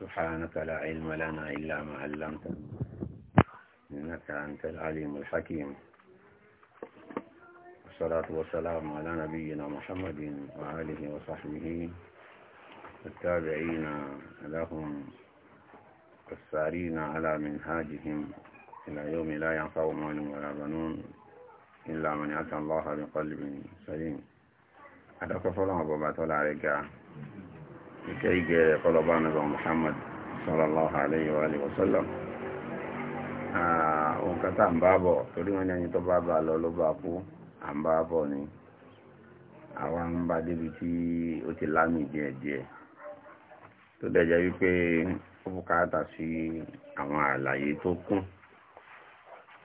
سبحانك لا علم لنا إلا ما علمتنا إنك أنت العليم الحكيم والصلاة والسلام على نبينا محمد وآله وصحبه التابعين لهم السارين على منهاجهم إلى يوم لا ينفع مال ولا بنون إلا من أتى الله بقلب سليم هذا كفر أبو باتولا عليك ìkẹ́ ìgẹ̀ ọlọ́bá nàbà Muhammad sallallahu alayhi wa alihi wa ohun kata ń bá bọ̀ torí wọn ní ẹni tó bá bá lọ ló bá kú à ń bá bọ̀ ni àwọn ń bá débi tí ó ti lámì díẹ̀díẹ̀ tó dẹ̀jẹ́ wípé ó bùkátà sí àwọn àlàyé tó kún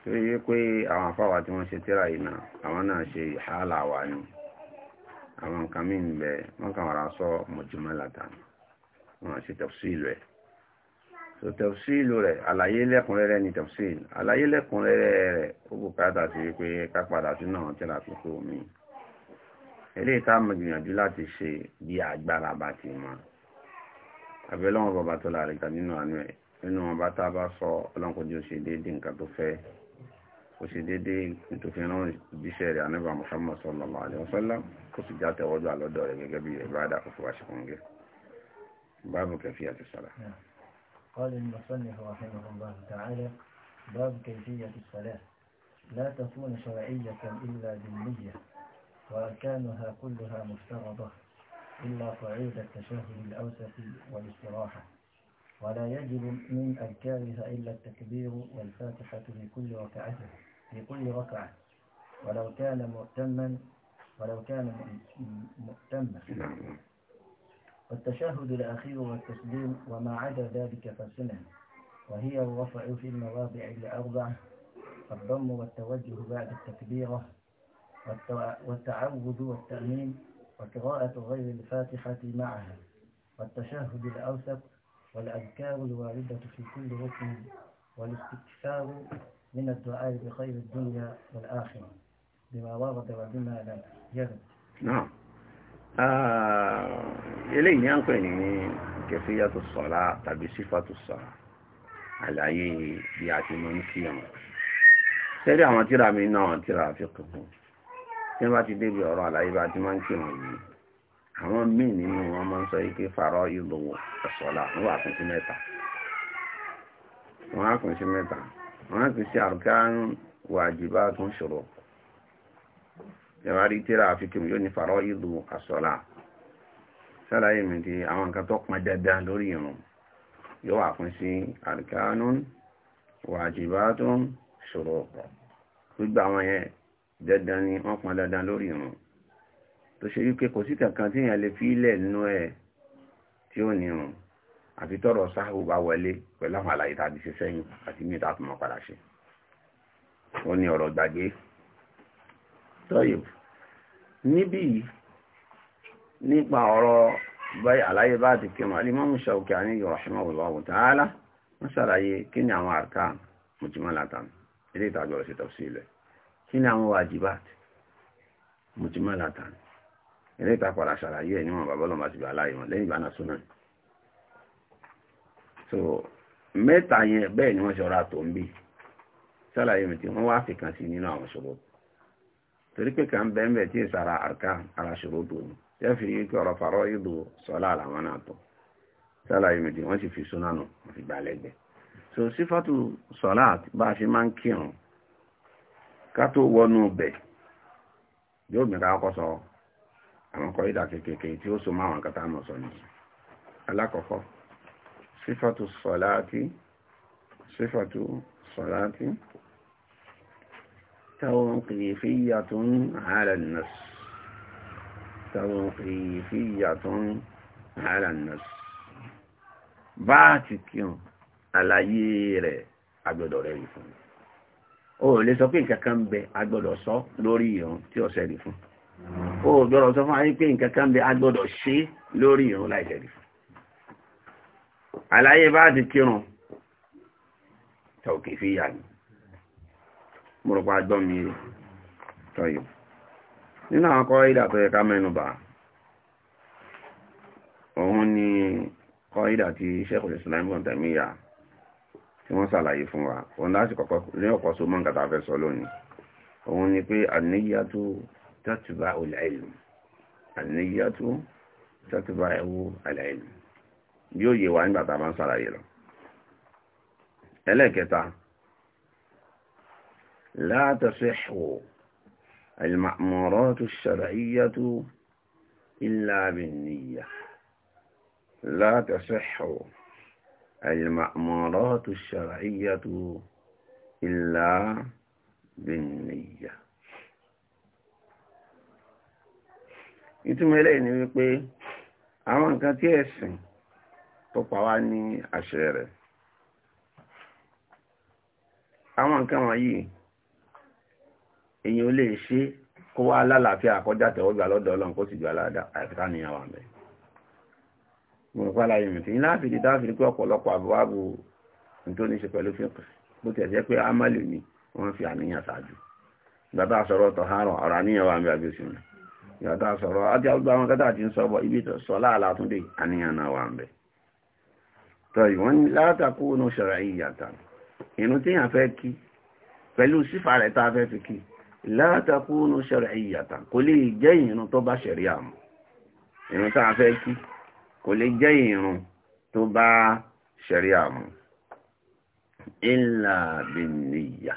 torí wípé àwọn afáwà tí wọ́n ṣe tíra yìí náà àwọn náà ṣe ìhálà wa ni àwọn nǹkan mí ń bẹ wọ́n kàn wàrà sọ mọ̀jùmọ́làtà wọn ṣe tẹ̀síìlù ẹ̀ so tẹ̀síìlù rẹ̀ àlàyé lẹ́kùnrẹ́rẹ́ ni tẹ̀síìlù àlàyé lẹ́kùnrẹ́rẹ́ rẹ̀ ó bùkátà sí wípé ká padà sínú àwọn tí láti kó mi eléyìí tá mo gbìyànjú láti ṣe bí agbára bá ti mọ abẹ́lẹ́wọ̀n bàbá tó láàrin kan nínú àánú ẹ̀ nínú wọn bá tá a bá sọ ọlọ́nkọ́jú ṣe déédéé nǹkan tó fẹ́ وسيدي نتوفينا بشير يعني نبع محمد صلى الله عليه وسلم كسجات وضع على الدولة جبية بعد أفواش كونجي باب كيفية الصلاة قال المصنف رحمه الله تعالى باب كيفية الصلاة لا تكون شرعية إلا ذمية وأركانها كلها مفترضة إلا صعيد التشهد الأوسط والاستراحة ولا يجب من أركانها إلا التكبير والفاتحة لكل ركعته في كل ركعة ولو كان مؤتما ولو كان مؤتما والتشهد الأخير والتسليم وما عدا ذلك فسنة وهي الرفع في المواضع الأربع الضم والتوجه بعد التكبيرة والتعود والتأمين وقراءة غير الفاتحة معها والتشهد الأوسط والأذكار الواردة في كل ركن والاستكثار من الدعاء بخير الدنيا والآخرة بما ورد وبما لم يرد نعم eléyìí à ń pè ní kẹfíyàtò sọ̀lá tàbí sífàtò sọ̀lá àlàyé bí a ti máa ń kí ọ̀nà tẹ́lẹ̀ àwọn tíra mi náà tíra fi kùkùn tí wọ́n bá ti débi ọ̀rọ̀ àlàyé bá ti máa ń kí wọ̀nyí àwọn míì nínú wọn máa ń sọ pé fàárọ̀ ìlò sọ̀lá wọ́n wà kún sí mẹ́ta wọ́n á kún sí mẹ́ta wọ́n ti ṣe àrùkánú wàjìbá tún ṣòro ìwárí tíra àfikún yóò ní fàrọ ìlú àṣọlá sálàyé mi ti àwọn nǹkan tó pọn dandan lórí irun yóò wà fún sí àrùkánú wàjìbá tún ṣòro gbogbo àwọn yẹn dandan ni wọ́n pọn dandan lórí irun tó ṣe wípé kò sí kankan tí èèyàn lè fi ilẹ̀ nínú ẹ̀ tí ó ní irun àti tọ́rọ̀ sáhù bá wọlé pẹ̀lú àwọn àlàyé tàbí ṣe sẹ́yìn àti ní ìtàkùn mọ́ padà ṣe ó ní ọ̀rọ̀ gbàgbé tọ́yò níbí nípa ọ̀rọ̀ báyìí àlàyé bá ti kí wọn Al-Imam Shawkani rahimahullahu ta'ala wọ́n ṣàlàyé kí ni àwọn arkan mujmalatan ilé ìtàjọ́ rẹ̀ sí tafsil kí ni àwọn wajibat mujmalatan ilé ìtàkùn àṣàlàyé ẹ̀ níwọ̀n bàbá ọlọ́mọ àti bàbá aláyé wọn ìgbà náà súnmọ́ so mẹ́ta yẹn bẹ́ẹ̀ ni wọ́n ṣọ́ra tó ń bí sálàyé mi tí wọ́n wá fi kan sí nínú àwọn ṣòro torí pé kàn bẹ́ẹ̀ bẹ́ẹ̀ tí ì sara àrká ara ṣòro tó ni yẹ́ fi yí kí ọ̀rọ̀ fàrọ̀ ìlú sọ́lá làwọn náà tọ̀ sálàyé mi tí wọ́n sì fi súná nù fi gbà lẹ́gbẹ̀ẹ́ so sífàtù sọ́lá bá a ṣe máa ń kírun ká tó wọnú bẹ̀ yóò gbìn ká kọ́kọ́ sọ àwọn kọ́ ìdà kékeré tí ó so máa wọn kátà mọ̀ sọ alákọ̀ọ́kọ́ sífàtù sọ̀láàtì sífàtù sọ̀láàtì توقيفية على النص توقيفية على النص báàtì kírùn àlàyé rẹ̀ agbọ́dọ̀ rẹ̀ rí fún o lè sọ pé nǹkankan bẹ agbọ́dọ̀ sọ lórí ìrun tí ó sẹ́rí fún o gbọ́dọ̀ sọ fún ayé pé nǹkankan bẹ agbọ́dọ̀ ṣe lórí ìrun láìsẹ̀rí fún àlàyé bá ti kírun tàòkè fi yà ní mọ̀rọ̀pá gbọ́mí tọ́yọ̀ nínú àwọn kọ́ ìdà tó yẹ ká mẹ́nubà òun ni kọ́ ìdà tí Sheikhul Islam Ibn Taymiyyah tí wọ́n sàlàyé fún wa òun láti kọ́kọ́ ní ọ̀pọ̀ so mọ́ nǹkan tá sọ lónìí òun ni pé an-niyyatu tatba'u al yóò yé wa nígbà tá a bá ń ṣàlàyé lọ. ẹlẹ́kẹta la tasihhu al-ma'muratu ash-shar'iyyatu illa bin-niyyah la tasihhu al-ma'muratu ash-shar'iyyatu illa bin-niyyah. ìtumọ̀ eléyìí ni wípé àwọn nǹkan tí ẹ̀sìn tó pa wá ní àṣẹ rẹ̀ àwọn nǹkan wọ̀nyí èyàn lè ṣe kó wá lálàáfíà kọjá tẹ̀wọ́gbà lọ́dọ̀ ọlọ́run kó sì ní àwọn àmì mo rò pé ọ̀pọ̀lọpọ̀ tó ní ṣe pẹ̀lú fíkì tẹ̀ pé ni wọ́n fi àníyàn ṣáájú bàbá sọ̀rọ̀ tọ̀hárọ̀ ọ̀rọ̀ àníyàn wà ń bẹ àbíòsì mi ìyàtọ̀ sọ̀rọ̀ ọjà sọ ibi àníyàn náà tọ́yì wọ́n ní látàkù ní ṣọ̀rọ̀ yìí yàtà inú tí yàn fẹ́ kí pẹ̀lú sífà rẹ̀ tá a fẹ́ fi kí látàkù ní ṣọ̀rọ̀ yìí yàtà kò lè jẹ́ ìrun tó bá ṣẹ̀rí àmọ́ inú tá a fẹ́ kí kò lè jẹ́ ìrun tó bá ṣẹ̀rí àmọ́ ìlà bìnníyà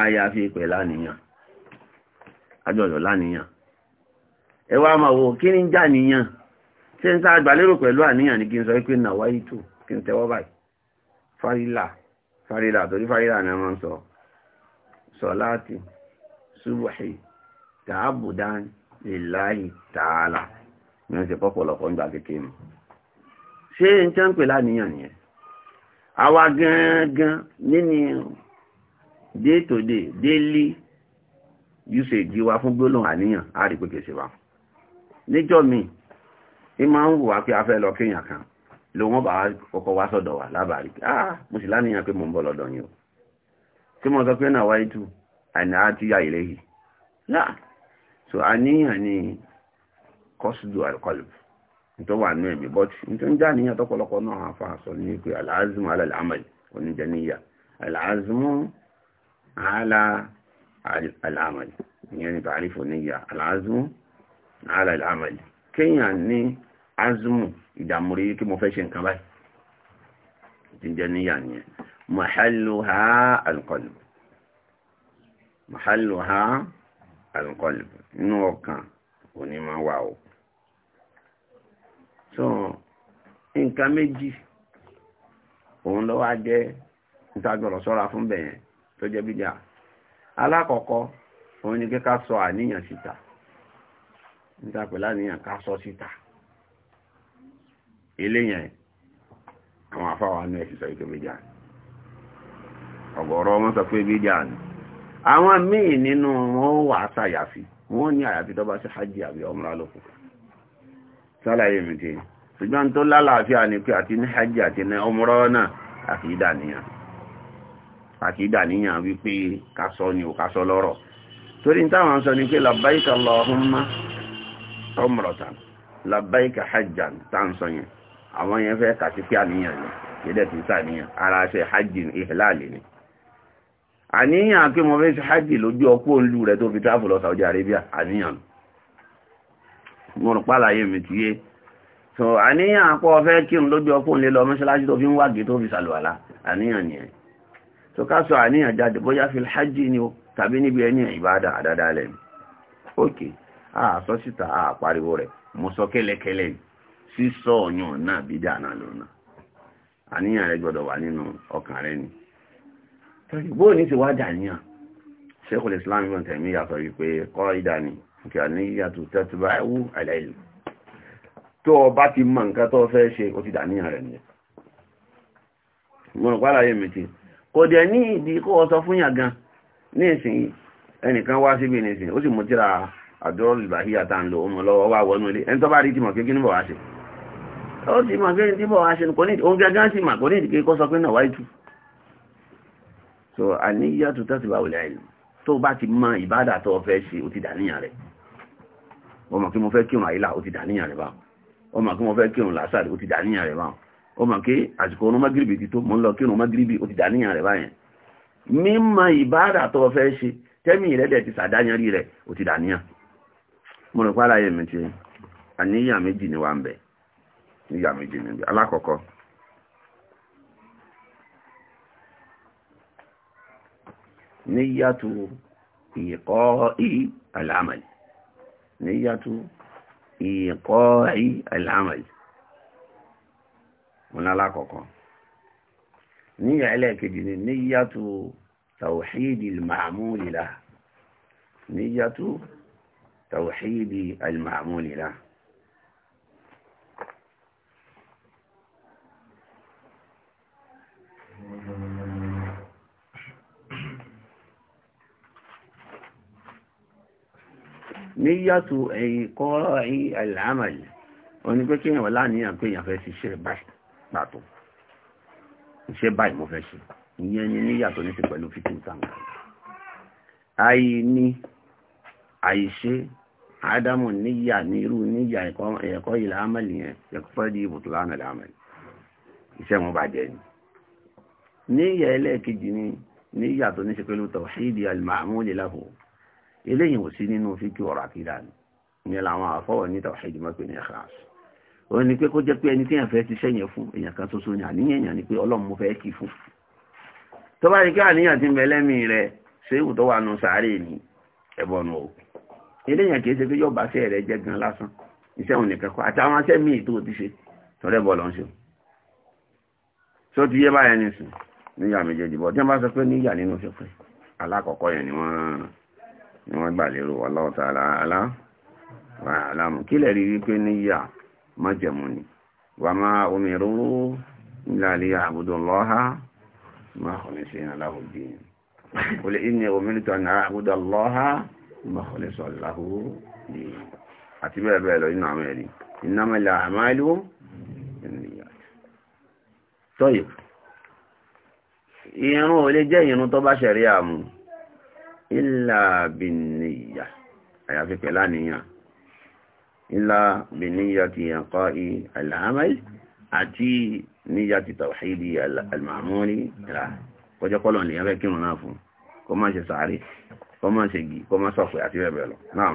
àyàfi pẹ̀ lánìyàn àjọyọ̀ lánìyàn ẹ wá máa wo kí ní jà níyàn ṣé ń sá àgbàlérò pẹ̀lú àníyàn ni kí n sọ pé nàwáyí tó kí n tẹ́wọ́ báyìí fárílà fárílà torí fárílà ni a máa ń sọ sọláàtì súbùhì tààbùdán lillahi ta'ala ní ọ̀sẹ̀ pọ́pọ̀lọpọ̀ nígbà kékeré mi ṣé n tẹ́ ń pè láníyàn nìyẹn àwa gangan nínú day to day daily usage wa fún gbólóhùn àníyàn á rí pé kèsì wa níjọ́ mi ẹ máa ń wò wá pé a fẹ́ lọ kéèyàn kan ló wọ́n bá kọ́kọ́ wá sọ́dọ̀ wà lábàárí ah mo sì láníyàn pé mo ń bọ̀ lọ́dọ̀ yín o tí mo sọ na wa wáyé tù àní àti àìlẹ́ yìí láà so àníyàn ni kọ́sùdù alqalb tó wà nínú ntọ but nítorí jẹ́ àníyàn tọ́pọ̀lọpọ̀ náà àfa sọ ní pé al-azmu ala al-amal oníjẹ níyà al-azmu ala al-amal ìyẹn ni tàrífù al-azmu ala al-amal kenya ni. azumu ìdààmú rí kí mo fẹ́ ṣe nǹkan báyìí tí ń jẹ́ níyà nìyẹn mahalluha alqalb mahalluha alqalb inú ọkàn òní máa wà ó so nǹkan méjì òun ló wá jẹ́ ìtagbọ̀rọ̀ sọ́ra fún bẹ̀yẹn tó jẹ́ bídíà alákọ̀ọ́kọ́ òun ni kí ká sọ àníyàn síta níta pẹ̀lú àníyàn ká sọ síta. So, eléyàn àwọn àfáwà náà sì sọ ìpé bíjà ọ̀gọ̀rọ̀ wọn sọ pé bíjà ni àwọn míì nínú wọn wà sàyàfi wọn ní àyàfi tó sí hajj àbí ọmọlá lókù sálàyé mi ṣùgbọ́n tó lálàáfíà ni pé àti ní hajj àti ní ọmọrọ náà àti ìdàníyàn àti ìdàníyàn wípé kásọ ni ò kásọ lọ́rọ̀ torí táwọn sọ ni pé labbaika Allahumma umratan labbaika yẹn àwọn yẹn fẹ́ kà sí pé àníyàn ni yẹ́dẹ̀ tí sàníyàn ara ṣe hajj ìhìláàlì ni àníyàn pé mo fẹ́ ṣe hajj lójú ọkú olú rẹ̀ tó fi tráfù lọ Saudi Arabia àníyàn mo rò pàlàyé mi ti yé so àníyàn pọ̀ fẹ́ kírun lójú ọkú olú lọ mọ́ṣáláṣí tó fi ń wági tó fi sàlùwàlá àníyàn nìyẹn so ká sọ àníyàn jáde bóyá fi hajj ni o tàbí níbi ẹni ìbáadà àdádálẹ̀ ok àà sọ síta àà pariwo rẹ̀ mo sọ kẹ́lẹ́kẹ́lẹ́ ni sísọ ọ̀yàn náà bídà náà lọ́nà àníyàn rẹ gbọ́dọ̀ wà nínú ọkàn rẹ ni bóò ní ti wá dàníyàn Sheikhul Islam ibn Taymiyyah sọ wípé kọ́rọ̀ ìdání kí àníyàn tó tẹ́tù bá ẹwú àìláìlú tó o bá ti mọ nǹkan tó fẹ́ ṣe o ti dàníyàn rẹ nìyẹn mo pàlàyé mi ti kò dẹ̀ ní ìdí kó o sọ fún yàn gan ní ìsìn ẹnìkan wá síbi ní ìsìn ó sì mú tíra àdúrà tá ń lo ọmọ lọ́wọ́ wá wọnú ilé ẹni tó bá rí tìmọ̀ ó ti mọ̀ gẹ́rin tí bọ̀ wá ṣe ní kòní òun gẹ́gẹ́ sí mà kòní ìdíkẹ́ kọ́ sọ pé náà wáyé tù so àníyá tó tẹ́sí bá wòlẹ̀ àìlú tó bá ti mọ ìbádà tó fẹ́ ṣe ó ti dàníyàn rẹ̀ ọmọ kí mo fẹ́ kírun àyílà ó ti dàníyàn rẹ̀ báwọn ọmọ kí mo fẹ́ kírun làásàrì ó ti dàníyàn rẹ̀ báwọn ọmọ kí àsìkò ọ̀nà magiribi ti tó mọ́ ń lọ kírun magiribi ó ti dàníyàn rẹ̀ báyẹn mímọ ìbádà àníyàn méjì ni wà ń bẹ̀ẹ́ níyà méjì níbi alákọ̀ọ́kọ́ níyàtú ìkọ́ ì àlàmàlì níyàtú ìkọ́ ì àlàmàlì wọn alákọ̀ọ́kọ́ níyà ẹlẹ́ẹ̀kejì ni níyàtú tàwíìdì màmúlìlá níyàtú tàwíìdì màmúlìlá níyàtò ẹ̀yìn kọ́ ẹ̀yìn àlàámàlì oní pé kí èèyàn láníyàn pé èèyàn fẹ́ ṣiṣẹ́ báyìí pàtó iṣẹ́ báyìí mo fẹ́ ṣe ìyẹn ni níyàtò ní ti pẹ̀lú fífún tàǹkà àì ní àìṣe ádámù níyà ní irú níyà ẹ̀kọ́ ìlàámàlì yẹn ẹ̀kọ́ fẹ́ di ibùtò lánà ìlàámàlì iṣẹ́ wọn bàjẹ́ ni níyà ẹlẹ́ẹ̀kejì ni níyà tó ní ṣe pẹ̀lú tawhidi eléyìí ò sí nínú fíkì ọ̀rọ̀ àkídà ni ìyẹn làwọn àfọwọ́ ní tàwáhídì mọ́ pé ní ẹ̀kíláàs ó ní pé kó jẹ́ pé ẹni tí èèyàn fẹ́ ti sẹ́yìn fún èèyàn kan ṣoṣo ni àníyàn èèyàn ni pé ọlọ́run mo fẹ́ kí fún tó bá ní kí àníyàn ti ń bẹ lẹ́mìí rẹ̀ ṣé ìwù tó wà nù sàárè ni ẹ̀bọ̀nù o eléyàn kìí ṣe pé yọba ṣe rẹ̀ jẹ́ gan lásán iṣẹ́ òun nìkan kọ́ àti àwọn aṣẹ́ míì tó ti ṣe tọ́lẹ̀ bọ̀ lọ́n ṣe tó ti yé báyẹn nìsín níyà méjèèjì bọ̀ tí wọ́n bá sọ pé níyà nínú ṣe pé alákọ̀ọ́kọ́ yẹn ni wọ́n ni wọ́n gbà lérò wallahu ta'ala a'lam wa a'lamu kílẹ̀ rí wípé níyà májẹ̀mú ni wa ma umiru illa liya'budu Allaha ma khulisina lahu ddin qul inni umirtu an a'buda Allaha ma khulisa lahu ddin àti bẹ́ẹ̀ bẹ́ẹ̀ lọ nínú àwọn ẹ̀rí innamal jẹ́ irun tó bá ṣẹ̀rí àmú ìlà bìníyà àyàfi pẹ̀lá nìyàn ìlà bìníyà ti ẹ̀kọ́ al-amal àti níyà ti tawhidi al-ma'muri ìlà kọjọ́kọ́lọ̀ nìyàn fẹ́ kírun náà fún kó má ṣe sàárì kó má ṣe gì kó má sọ̀fẹ́ àti bẹ́ẹ̀ lọ náà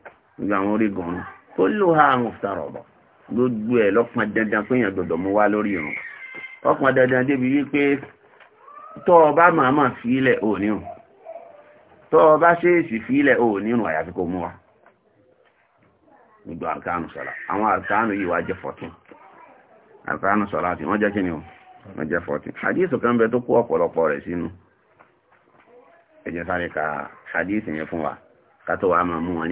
gbogbo àwọn orígun ọ̀run kó ló ha àrùn gbogbo ẹ̀ lọ́pọn dandan pé èèyàn gbọ́dọ̀ mú wá lórí irun dandan débi wípé ọ bá màmá òní tọ́ ọ bá ṣèèṣì òní àyàfi kò mú wa gbogbo àwọn yìí wá àti kí ni o kan bẹ tó kó sínú ka yẹn fún wa máa mú wọn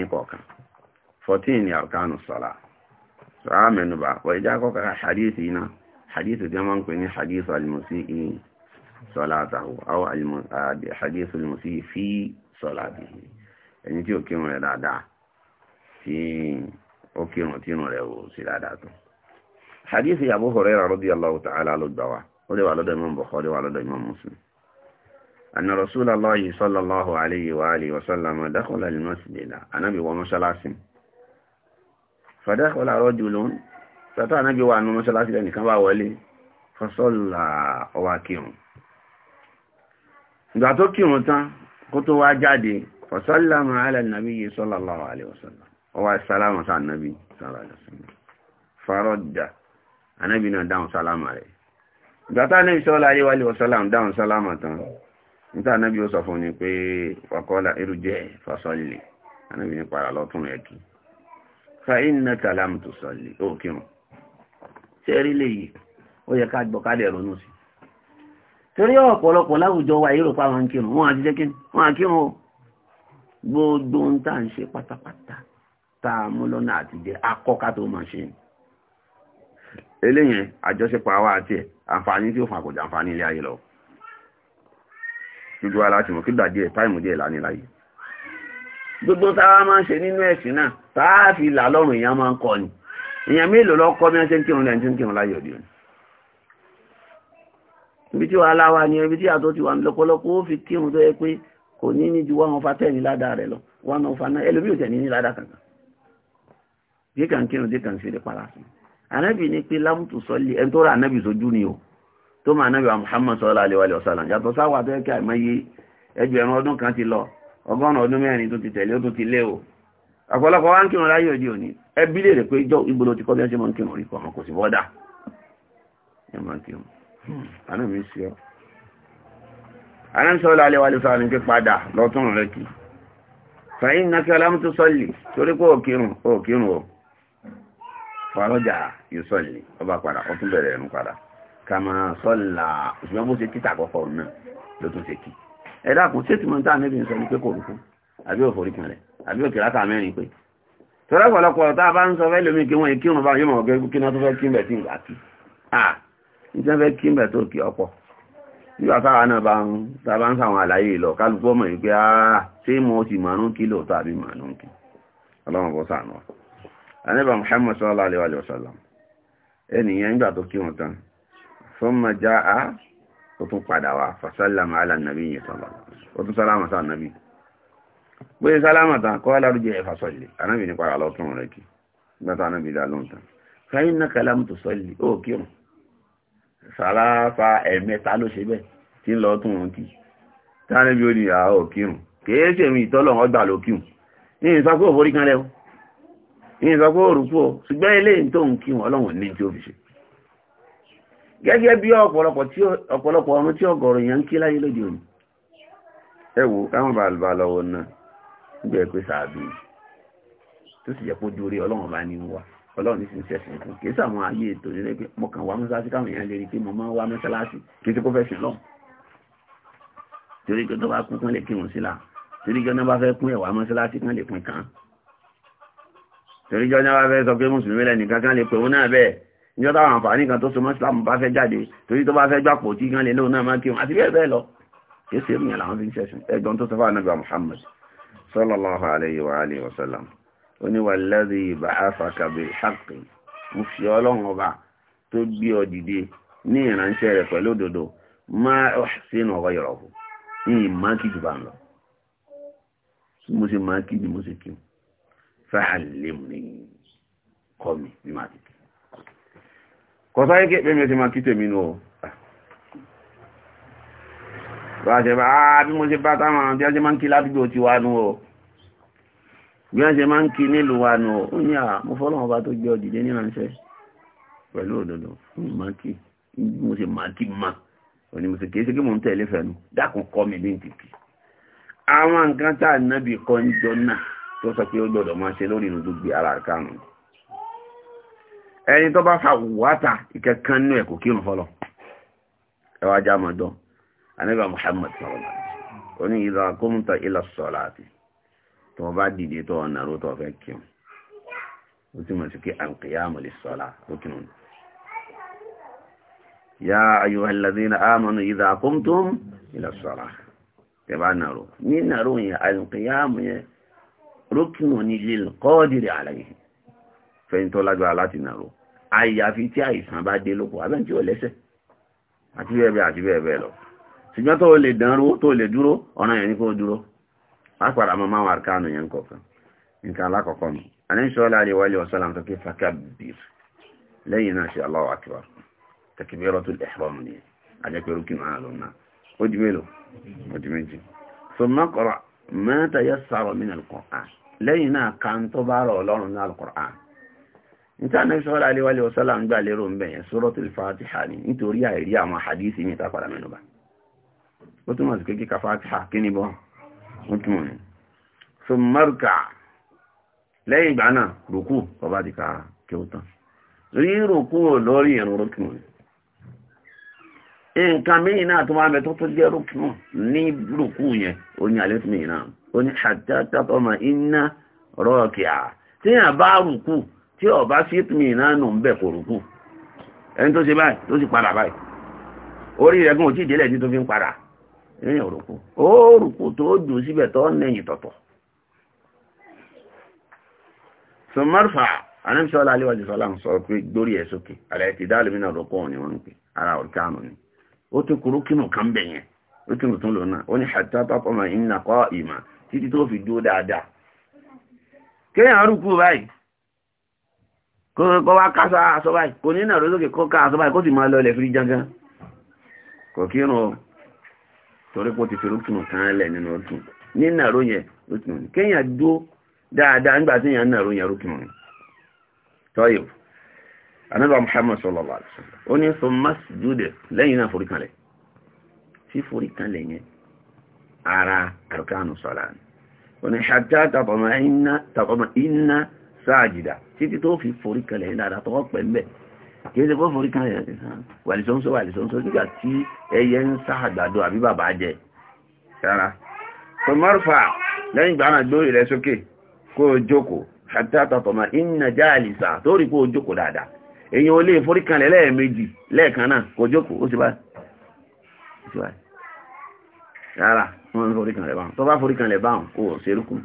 14 ni arkanu sọ́lá so a mẹ́nubà wọ́n ìjá kọ́kọ́ hadisi iná hadisi tí wọ́n ń pè ní hadisi alimusi in sọ́látàwò aw hadisi alimusi fi sọ́látì ẹni tí ó kírun rẹ̀ dáadáa tí ó kírun tí irun rẹ̀ ò sí dáadáa tó hadisi Abu Hurairah radiyallahu ta'ala ló gbà wá ó lè wà lọ́dọ̀ Imam Bukhari wà lọ́dọ̀ Imam Muslim أن رسول الله صلى الله عليه وآله وسلم دخل المسجد أنا بيوم شلاسم fàdákọ̀ làárọ̀ jùlọ sátá anábí wà nù mọ́ṣáláṣí rẹ̀ nìkan bá wọlé fọ́sọ́là ọwà kírun ìgbà tó kírun tán kó tó wá jáde fọ́sọ́là máa alẹ́ nàbí yìí sallallahu alaihi wasallam ọwà sálámà sáà nàbí sallallahu alaihi wasallam farọ́dà anábí náà dáhùn sálámà rẹ̀ ìgbà tá anábí sallallahu alaihi wasallam dáhùn sálámà tán níta anábí ó sọ fún ni pé wàkọ́lá irú jẹ́ fọ́sọ́lì anábí ní fa iná kàlámù tó sọ̀lẹ̀ ó kírun ṣé rí léyìí ó yẹ ká gbọ́ kálẹ̀ ronú sí torí ọ̀pọ̀lọpọ̀ láwùjọ wa yìí rò pa wọn kírun wọn àti jẹ́kí wọn àkírun o gbogbo ń tà ń ṣe pátápátá tá a mú lọ́nà àti jẹ́ akọ́ká tó máa ṣe ni eléyìn àjọṣepọ̀ àwa àti ẹ̀ àǹfààní tí ó fún àǹfààní ilé ayé lọ gbogbo aláṣìmọ̀ kí gbàdí ẹ̀ táìmù díẹ̀ lánìí gbogbo táwa máa ń ṣe nínú ẹ̀sìn náà táà fi là lọ́rùn èèyàn máa ń kọ́ ni èèyàn mélòó lọ́kọ́ bí wọ́n ṣe ń kírun lẹ́yìn tí ń kírun láyé òde òní ibi tí wàhálà wà ní ibi tí àtọ́ ti wà ní lọ́pọ̀lọpọ̀ ó fi kírun tó yẹ pé kò ní ní ju one over ten ládàá rẹ̀ lọ one over nine ẹlòmíì ò tẹ̀ ní ní ládàá kankan bí kàn kírun dé kàn sí ilé pàlà sí anábì ní pé lámùtù sọ́lé ẹni tó rà anábì sójú ni o tó máa anábì wa Muhammad sallallahu alaihi wa sallam yàtọ̀ sáwà tó yẹ kí àìmọye ẹgbẹ̀rún ọdún kan ti lọ ọgọ́rùn ọdún mẹ́rin tó ti tẹ̀lé ó tó ti lé o ọ̀pọ̀lọpọ̀ wá ń kírun láyé òde òní ẹbí lè rè pé ìjọ ìgbòlò ti kọ́ bí wọ́n ṣe máa ń kírun orí kan kò sí bọ́dà ẹ máa ń kírun àná mi sí ọ àná mi sọ lálẹ́ wa lè sọ àmì pé padà lọ́tún rẹ kì fẹ̀yìn náà kí ọlámú tó sọ́lì ẹ̀dá kò sí ìtumọ̀ tá níbi ìsọ ni pé kò rúkú àbí òfòrí kan rẹ̀ àbí òkè ráka mẹ́rin pé tọ́lá ọ̀pọ̀lọpọ̀ tá a bá ń sọ fẹ́ lómi kí wọ́n kírun bá yóò mọ̀ ọ̀gẹ́ kí wọ́n tó fẹ́ kíńbẹ̀ tí nǹkan kí à ní tí wọ́n fẹ́ kíńbẹ̀ tó kí ọ̀pọ̀ nígbà táwa náà bá ń tá a bá ń sàwọn àlàyé lọ kálukú ọmọ yìí pé ah ṣé mo ti màánú Muhammad sallallahu alayhi wa sallam ẹnìyẹn nígbà tó kírun tán fún já a ó tún padà wá fàṣálàmà alànàbí yìí sọ́lá ó tún sálámà sáà nàbí bóyá sálámà tán kọ́ alárújẹ ẹ̀fà sọ́lì anábì nípa àlọ́tún rẹ̀ kí gbátà anábì dá lóhùn tán fẹ́yìn náà kàlámù tó sọ́lì ó kírun sàlàfà ẹ̀mẹ́ta ló ṣe bẹ́ẹ̀ tí ń lọ tún wọn kí tánàbí ó ní à ó kírun kìí ṣe mi ìtọ́lọ̀ wọn gbà ló kírun ní ìsọ òforí kan lẹ́wọ̀ ní ìsọ òrùkú ṣùgbọ́n eléyìí tó ń kírun ọlọ́run ní tí ó fi ṣe gẹ́gẹ́ bí ọ̀pọ̀lọpọ̀ ọmọ tí ọgọ̀rọ̀ èèyàn ń kí láyé lóde òní ẹ wò káwọn bàbá lọ́wọ́ náà níbẹ̀ pé sàábì tó sì jẹ́ kó dúró ọlọ́run bá ní wá ọlọ́run sì ń ṣẹ̀sìn fún kì í sàwọn ayé ètò ìrẹ́ pé mo kàn wá mọ́sálásí káwọn èèyàn lè rí pé mo máa ń wá mọ́sálásí kì í ti kó fẹ́ sìn lọ torí pé tó bá kú kán lè kírun sí la torí jọ́nà bá fẹ́ kún ẹ̀wà mọ́sálásí kán lè pín kan torí jọ́nà bá fẹ́ sọ pé mùsùlùmí lẹ́nìkan kán lè pè òun náà bẹ́ẹ̀ níjọ́ táwọn àǹfààní kan tó so mọ́ Islam bá fẹ́ jáde torí tó bá fẹ́ gbà pò tí gan lè lóun náà máa kí wọn àti bẹ́ẹ̀ bẹ́ẹ̀ lọ kìí ṣe èèyàn làwọn fi ń ṣẹ̀sìn ẹgbọ́n tó sọfà nàbà Muhammad sallallahu alayhi wa alayhi wa sallam ó ní walladhi ba'athaka haqqi mo fi ọlọ́run ọba tó gbé ọ dìde ní ìránṣẹ́ rẹ̀ pẹ̀lú òdodo máa sínú ọ̀rọ̀ yọ̀rọ̀bù ní ìmá kìjù bá ń lọ mo sì máa kìjù mo sì kí fáhàlì lè mú ní mi bí máa ti kọ̀sáyé ké pé mẹ́sẹ̀ máa kítẹ̀ mínú ọ̀ bí mo ṣe bá táwọn bí a ṣe máa ń kí ládùúgbò ti wá nú ọ̀ bí a ṣe máa ń kí nílùú wá nú ọ̀ ó ní à mo fọ́lọ́wọ́n bá tó gbé ọdìdé níranṣẹ́ pẹ̀lú òdodo bí mo ṣe máa kí ma òní mo ṣe kìí ṣe kí mo ń tẹ̀lé fẹ̀nu dákun kọ́ mi bí n kìkì àwọn nǹkan tá ànábì kọ́ ń jọ náà tó sọ pé ó gbọ́dọ̀ máa ṣe lórí ìrùn tó gbé ara kánú ẹni tó bá fa wàtà ìkẹkàn nínú ẹ̀ kò kírun fọlọ ẹ wá já máa dán anábà Muhammad sọlá ó ní ìlà kóńtà ìlà sọlá àti tó bá dìde tó ọ̀nà ró tó fẹ́ kírun ó ti mọ̀ sí pé àǹkìyàmù lè sọlá ó kírun yá ayuha alladhina amanu ìlà kóńtùm ìlà sọlá ẹ bá nàró ní nàró yẹn àǹkìyàmù yẹn rókìnù ní lílù kọ́ọ̀dìrì àlàyé fẹ́yìntọ́lágbára láti nàró àyàfi tí àìsàn bá dé lóko abẹ́ ò lẹ́sẹ̀ àti bẹ́ẹ̀ àti bẹ́ẹ̀ lọ ṣùgbọ́n tó lè dánrú tó lè dúró ọ̀nà yẹn ni kó dúró lápàdà mọ́ máa àrkánù yẹn kọ̀ọ̀kan nǹkan alákọ̀ọ́kọ́ mi àníṣọ́lá àríwálé ọ̀sọ́làm tó kí fakabbir lẹ́yìn náà ṣe Allahu akbar takbiratul ihram ni ajẹ́pẹ̀rú kí máa lọ náà ó di mélòó ó di méjì ìtànà ìṣọ́lá aléwálé ọ̀sọ́lá ń gbà lérò ń Fatiha ní nítorí àìrí àwọn hadithi ní ìtàpadà mẹ́nubà ó túnmọ̀ sí kékíkà Fatiha kí ó túnmọ̀ ní lẹ́yìn ìgbà náà rùkú ọba ti ka kí ó tán rí rùkú lórí ìrùn rùkùn nǹkan mìíràn náà tó máa bẹ tó jẹ́ rùkùn ní rùkú yẹn ó ní alẹ́ mìíràn ó ní hatta tí ọba sípìmì náà nù ń bẹ̀ kòrókù ẹni tó ṣe báyìí tó sì padà báyìí orí rẹ̀ òjì ìdílẹ̀ tí tó fi ń padà lẹ́yìn òrùkù òrùkù tó jù síbẹ̀ tó nẹ̀yìn tọ̀tọ̀ sọmọ́rfà anẹ́sọ́lá ń sọ pé gbórí ẹ̀ sókè ti dá lómìnà ni wọ́n ń pè ara ni ó ti kínú kan bẹ̀ yẹn ó lò náà ó ní pápọ̀ ìnà kọ́ títí tó fi dúó dáadáa kéèyàn rúkú kó wá kásá aṣọ báyìí kò ní ìnàró lókè kó ká aṣọ kó sì máa lọlẹ̀ fírí jangan kò torí ti fi rúkùnù kan nínú ọdún ní ìnàró yẹn rúkùnù kéèyàn dúó dáadáa nígbà tí èèyàn ìnàró yẹn rúkùnù tọ́yọ̀ anábà Muhammad sallallahu ó ní sọ masjude lẹ́yìn náà forí sí yẹn ara arkanu ó ní ṣàtà tàbọ̀mọ̀ iná sáàjìdà títí tó fi forí kanlẹ̀ ní dáadáa tọwọ́ pẹ̀ ń bẹ̀ kí ṣe kó forí kanlẹ̀ ní sàn wàlìsọ́nsọ́ wàlìsọ́nsọ́ nígbà tí ẹyẹ ń sá àgbàdo àbí bàbá jẹ rárá tó mọ́rùfà lẹ́yìn ìgbà náà gbórí rẹ sókè kó o jókòó ṣàtà tọ̀tọ̀mà iná já àlìsà tó rí kó o jókòó dáadáa èyàn ò lè forí kanlẹ̀ lẹ́ẹ̀mejì lẹ́ẹ̀kan náà kó jókòó ó sì báyìí rárá wọ́n forí kanlẹ̀ báwọn tó bá forí kanlẹ̀ báwọn kó o ṣerúkùn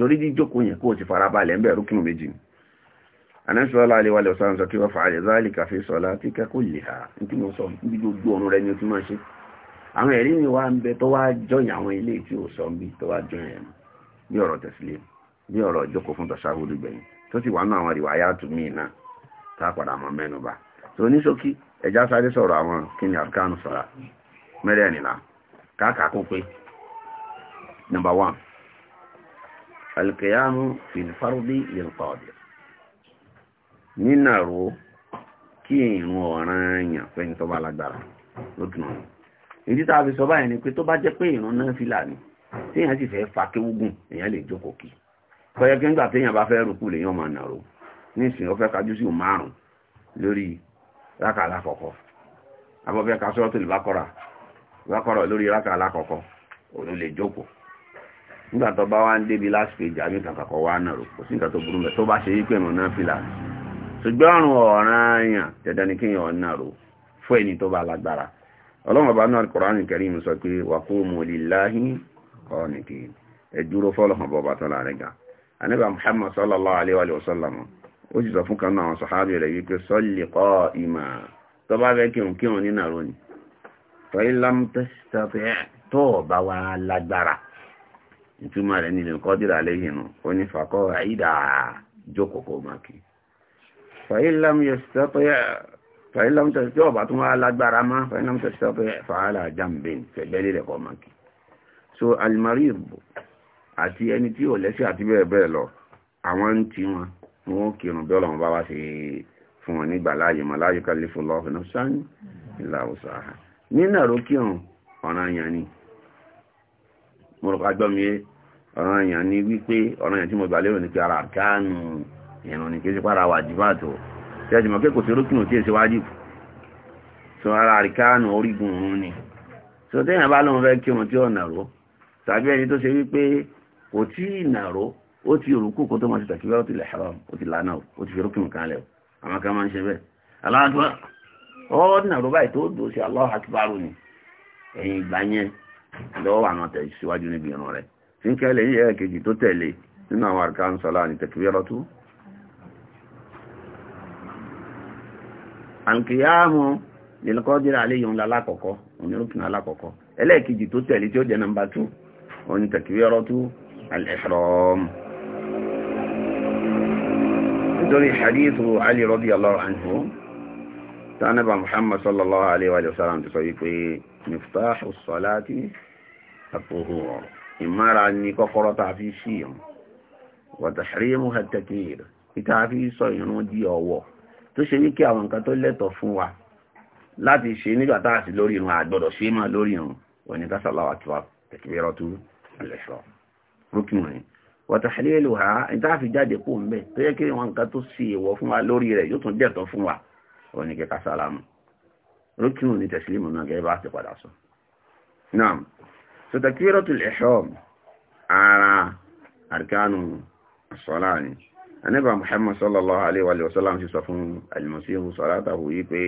torí jíjókòó yẹ kó o ti farabalẹ̀ ń bẹ̀ rúkìnù méjì ni anẹ́sọ́lá aléwàlẹ̀ ọ̀sán sọ kí wọ́n fàálì záàlì kàfí sọ́lá tí kẹ́kọ́ lè ha tí sọ ní gbogbo ọ̀run rẹ̀ ni ṣe àwọn ẹ̀rí ni wá ń bẹ tó wá jọyìn àwọn ilé tí sọ bí tó wá jọyìn bí ọ̀rọ̀ tẹ̀sílẹ̀ bí ọ̀rọ̀ ìjókòó fún tó sì wà náà tá a padà mọ́ mẹ́nu bá tó ní ẹja sáré sọ̀rọ̀ àwọn alìkẹyàmù fìlfárúdí lèkọ́ọ̀dì nínàró kí ìrún ọ̀ràn èèyàn pẹ́ni tó bá lágbára lókùnà ìdí tá a fi sọ báyìí ni pé tó bá jẹ́ pé ìrún náà fìlà ni téèyàn sì fẹ́ fa kéwúgùn èèyàn lè jókòó kí kọjá kí nígbà téèyàn bá fẹ́ rúkú lèèyàn máa nàró nísìnyí ó fẹ́ kájú sí márùn lórí rákà alákọ̀ọ́kọ́ abọ́fẹ́ ka sọ́ọ́tò lè bá kọ́ra lórí rákà alákọ̀ọ́kọ́ òun lè jókòó nígbà tó bá wá ń débi last page àbí nǹkan kọ̀ọ̀kan wá náà rò kò sí nǹkan tó burú mẹ́ tó bá ṣe wípé ìmọ̀ náà fìlà ṣùgbọ́n ọ̀ràn àyàn dandan ni kéèyàn náà rò fún ẹni tó bá lágbára ọlọ́run ọba náà Al-Qur'an Karim sọ pé wa qumu lillahi qanitin ẹ dúró fọlọ́hàn bọ̀bà tó láàrin ga anábà Muhammad sallallahu alayhi wa sallam ó sì sọ fún kan náà àwọn sàhábì rẹ̀ wípé salli qa'ima tó bá lágbára ìtumọ̀ rẹ̀ nílùú kọ́dìrà lẹ́yìn nù ó ní fàkọ́ àìdà jókòó mákì fàílàm tẹ̀sítẹ́ ọ̀bà tó wá lágbára máa fàílàm tẹ̀sítẹ́ pé fàálà jàmbé fẹ̀gbẹ́lì rẹ̀ kọ́ mákì so almarib àti ẹni tí ò lẹ́sẹ̀ àti bẹ́ẹ̀ bẹ́ẹ̀ lọ àwọn ń ti wọn wọn kírun bí ọlọ́run bá wá sí mo rò ká gbọ́ mi yé ọ̀ràn èèyàn ni wípé ọ̀ràn èèyàn tí mo gbà lérò ní pé ara àkáànù ìrùn ní kí ó sì para wà jìbàtò tí a sì mọ̀ pé kò sí orókùnrin tí èsì wájú so ara àríkáànù orígun òun ni so téèyàn bá lóun fẹ́ kírun tí ó nàró tàbí ẹni tó ṣe wípé kò tí ì nàró ó ti rùkú kó tó máa ti tàkíwá ó ti lè ó ti lánà ó ti fi orókùnrin kan lẹ̀ àwọn kan máa ń ṣe bẹ́ẹ̀ aláàtúwà ó lọ́wọ́ àwọn tẹ̀ síwájú níbi ìran rẹ̀ tí ń kẹ́lẹ̀ yí ẹ̀ẹ́kejì tó tẹ̀lé nínú àwọn arkan sọ́lá ní tẹ̀kìbírọ́tú àǹkìyàmù nílùkọ́dìrà aléyìn lálákọ̀ọ́kọ́ onírúkìn alákọ̀ọ́kọ́ ẹlẹ́ẹ̀kejì tó tẹ̀lé tí ó jẹ́ nọmbà 2 tánàbà muhammad sallallahu alaihi wa sallam ti sọ wípé miftahu salati at-tuhur ìmára ní kọ́kọ́rọ́ ta fi sí ìrun wa tahrimuha at-takbir ìta fi sọ ìrun di ọ̀wọ̀ tó ṣe wípé àwọn nǹkan tó lẹ́tọ̀ fún wa láti ṣe nígbà tá a sì lórí ìrun àgbọ̀dọ̀ ṣe máa lórí ìrun òní ká salawatu wa takbiratu al-ihram rúkìn rìn wa tahliluha ìta fi jáde kó ń bẹ̀ tó yẹ kí wọn nǹkan tó ṣe ìwọ̀ fún wa lórí rẹ̀ yóò tún jẹ̀tọ̀ fún wa ó ní kẹka sálámù rúkìmù ní tẹ̀sílímù náà gẹ́gẹ́ bá ti padà sọ náà sotakiratul ihram ara arkanu sọ́lá ni anẹ́bà muhammad sallallahu alaihi wa sallam ti sọ fún almasihu salatahu yí pé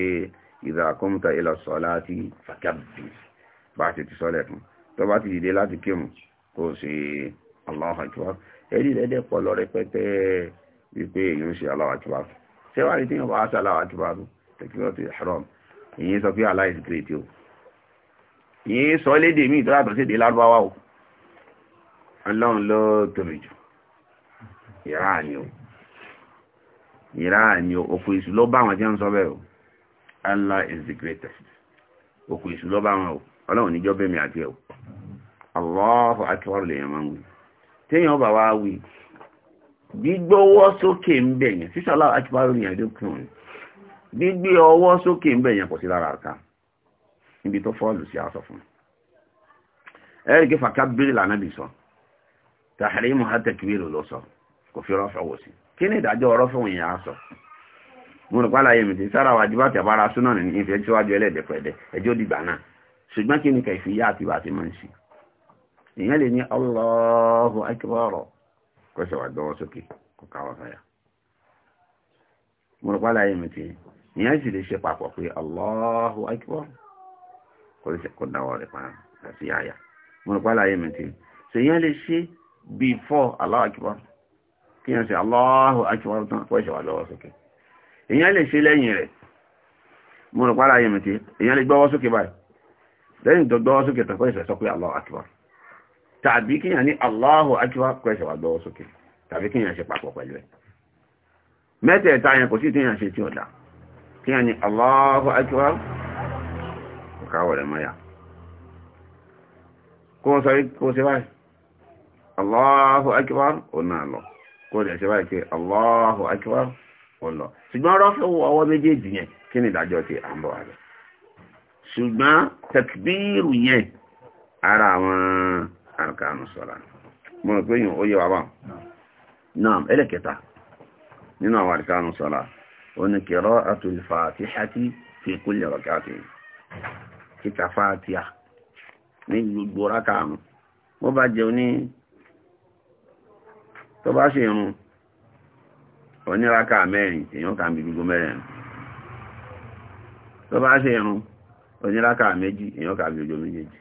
idha qumta ila salati fakabbir bá ti ti sọ́lẹ̀ fún tó bá ti dìde láti kírun kó ṣe Allahu akbar ẹ̀rí rẹ̀ dẹ̀ lọ rẹpẹtẹ wípé èyí ń ṣe Allahu akbar ṣẹ́wárí tí yóò bá aṣọ aláwọ̀ àti bàbá tẹ̀kíwọ́tì haram èyí sọ pé aláì dìgírèdì o èyí sọ léde míì tó yàtọ̀ sí èdè lárúbáwá o ọlọ́run ló tóbi jù ìrá ni o ìrá ni o òkú ìṣù ló bá wọn jẹ́ ń sọ bẹ́ẹ̀ o Allah is the greatest òkú ìṣù ló bá wọn o ọlọ́run níjọ́ bẹ́mi àti ẹ̀ o Allahu akbar lèèyàn máa ń wí téèyàn bá wá wí gbígbọ́wọ́ sókè ń bẹ̀yẹn sísàlá àtibárò yẹn dókùn gbígbé ọwọ́ sókè ń bẹ̀yẹn pọ̀ sí lára àká níbi tó fọ́ọ̀lù sí aṣọ fún ẹ̀rìkì fàkà bírí lànà bì sọ ló sọ kò fi rọ́fẹ́ wò sí kí ni ìdájọ́ aṣọ mo rò pálá yẹn mi ti sára súná ní ìfẹ́ síwájú ẹlẹ́dẹ̀pẹ̀dẹ̀ ẹjọ́ dìgbà náà ṣùgbọ́n kí ni yá àti kọ́ṣẹ̀ wà gbọ́wọ́ sókè kó káwọ́ sáyà mo rò mi ti lè ṣe papọ̀ pé Allahu Akbar kò lè ṣe kó dáwọ́ rẹ̀ àti àyà mo mi ti ṣe ìyẹn lè ṣe kí yẹn ṣe tán wà sókè èyàn lè ṣe mo èyàn lè sókè báyìí tó tàbí kíyàn ní Allahu Akbar pẹ̀ṣẹ̀ wà gbọ́wọ́ sókè tàbí ṣe papọ̀ pẹ̀lú ẹ̀ mẹ́tẹ̀ẹ̀ta yẹn kò sí ṣe tí ó dá kíyàn ní Allahu Akbar ọ̀káwọ̀ rẹ̀ mọ́yà kó sọ kó ṣe báyìí Allahu Akbar ó náà lọ kó rẹ̀ ṣe báyìí ara àrùkánù sọ́lá mọ́ pé yìí ó yẹ wà báwọn náà ẹlẹ́kẹta nínú àwọn àrùkánù sọ́lá ó ní kẹrọ àtòlùfà àti ṣáàtì fi kú lè rọ̀kẹ́ àti kíkà fàtíà ní gbogbo rákà àrùn bó bá tó bá ṣe irun oníraka méjì èèyàn kà ń méjèèjì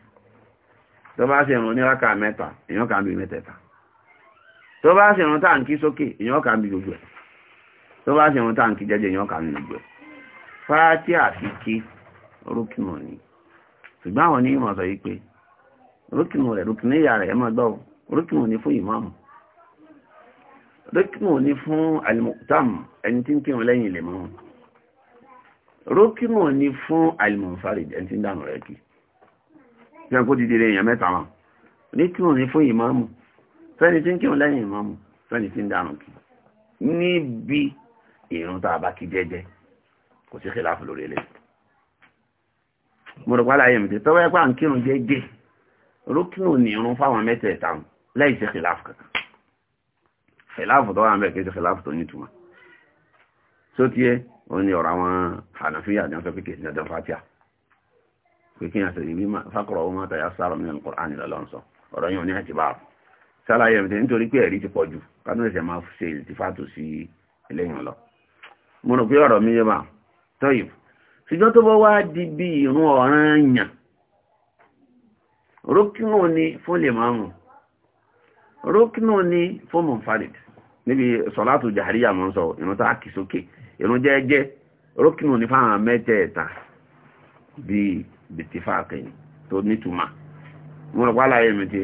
tó bá ṣe ìrun ní rákà mẹ́ta èèyàn kà ń bí mẹ́tẹ̀ẹ̀ta tó bá ṣe ìrun táǹkì sókè èèyàn kà ń bí gbogbo ẹ̀ tó bá ṣe ìrun táǹkì jẹ́jẹ́ èèyàn kà ń bí gbogbo ẹ̀ fáátì àti kí rúkìmọ̀ ni ṣùgbọ́n àwọn onímọ̀ sọ yìí pé rúkìmọ̀ rẹ̀ rúkìmọ̀ ìyá rẹ̀ ẹ máa gbọ́ rúkìmọ̀ ni fún ìmáàmù rúkìmọ̀ ni fún alimọ̀tàm ẹni tí ń kírun lẹ́yìn ilẹ̀ mọ́ rúkìmọ̀ ni fún alimọ̀fàrìd ẹni tí ń dànù rẹ̀ kìí yẹn kó dìde èèyàn mẹ́ta wọn ní kí wọn ní fún ìmáàmù fẹ́ni tí ń kírun lẹ́yìn ìmáàmù fẹ́ni tí ń dànù kí níbi ìrun tá a bá kí jẹ́jẹ́ kò sí kí láàfin lórí ilẹ̀ mo rò pálá yẹn mi tọ́wọ́ ẹ̀pá ń kírun jẹ́jẹ́ orókìrun ní irun fáwọn mẹ́tẹ̀ẹ̀ta lẹ́yìn sí kí láàfin kankan kìláàfù tó wà ń bẹ̀ kí sí kìláàfù tó nítumọ̀ sótíẹ́ òun ni ọ̀rọ̀ àwọn hànàfíà ní wọ́n sọ pé kì í sí dandan fatia pé kí yàn sẹ̀rí mímọ̀ ta ọmọ tàyà sáàrọ̀ nínú Kùránì lọ́lọ́sọ ọ̀rọ̀ yóò ní àti báàrù sálàyé ẹ̀mí nítorí pé ẹ̀rí ti pọ̀ jù kánú ẹ̀sẹ̀ máa ṣe sí eléyìn lọ mo rò pé ọ̀rọ̀ mi yé bá tọ́yìn ṣùgbọ́n ni fún lè ni fún níbi sọ̀látù jàríyà sọ a bìtífà kẹ́yìn tó nítumà mo rọ̀ pálá yẹn mi ti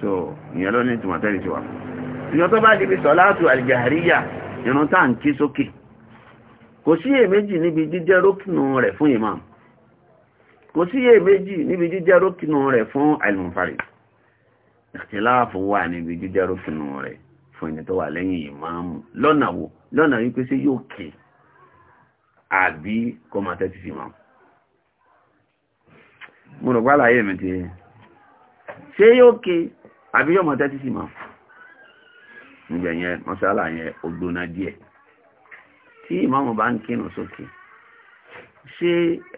so ìyẹn ló nítumà tẹ́lẹ̀ ti wà ìyẹn tó bá di bí sọ̀láàtù àlìjàríyà irun tá à ń kí sókè kò sí èméjì níbi jíjẹ́ rókìnù rẹ̀ fún imam kò sí èméjì níbi jíjẹ́ rókìnù rẹ̀ fún àlùmọ̀fàrì ìtìláàfù wà níbi jíjẹ́ rókìnù rẹ̀ fún ẹni wà lẹ́yìn ìmáàmù lọ́nà wo lọ́nà wípé sí yóò kè àbí kọ́mọtẹ́tì sí ìmáàmù mo rò pàlàyé mi ti ṣé yóò ké àbí yóò mọ tẹ́tí sí mọ́ níbẹ̀ yẹn mọ́ṣálà yẹn ó gbóná díẹ̀ tí ìmáàmù bá ń kírun sókè ṣé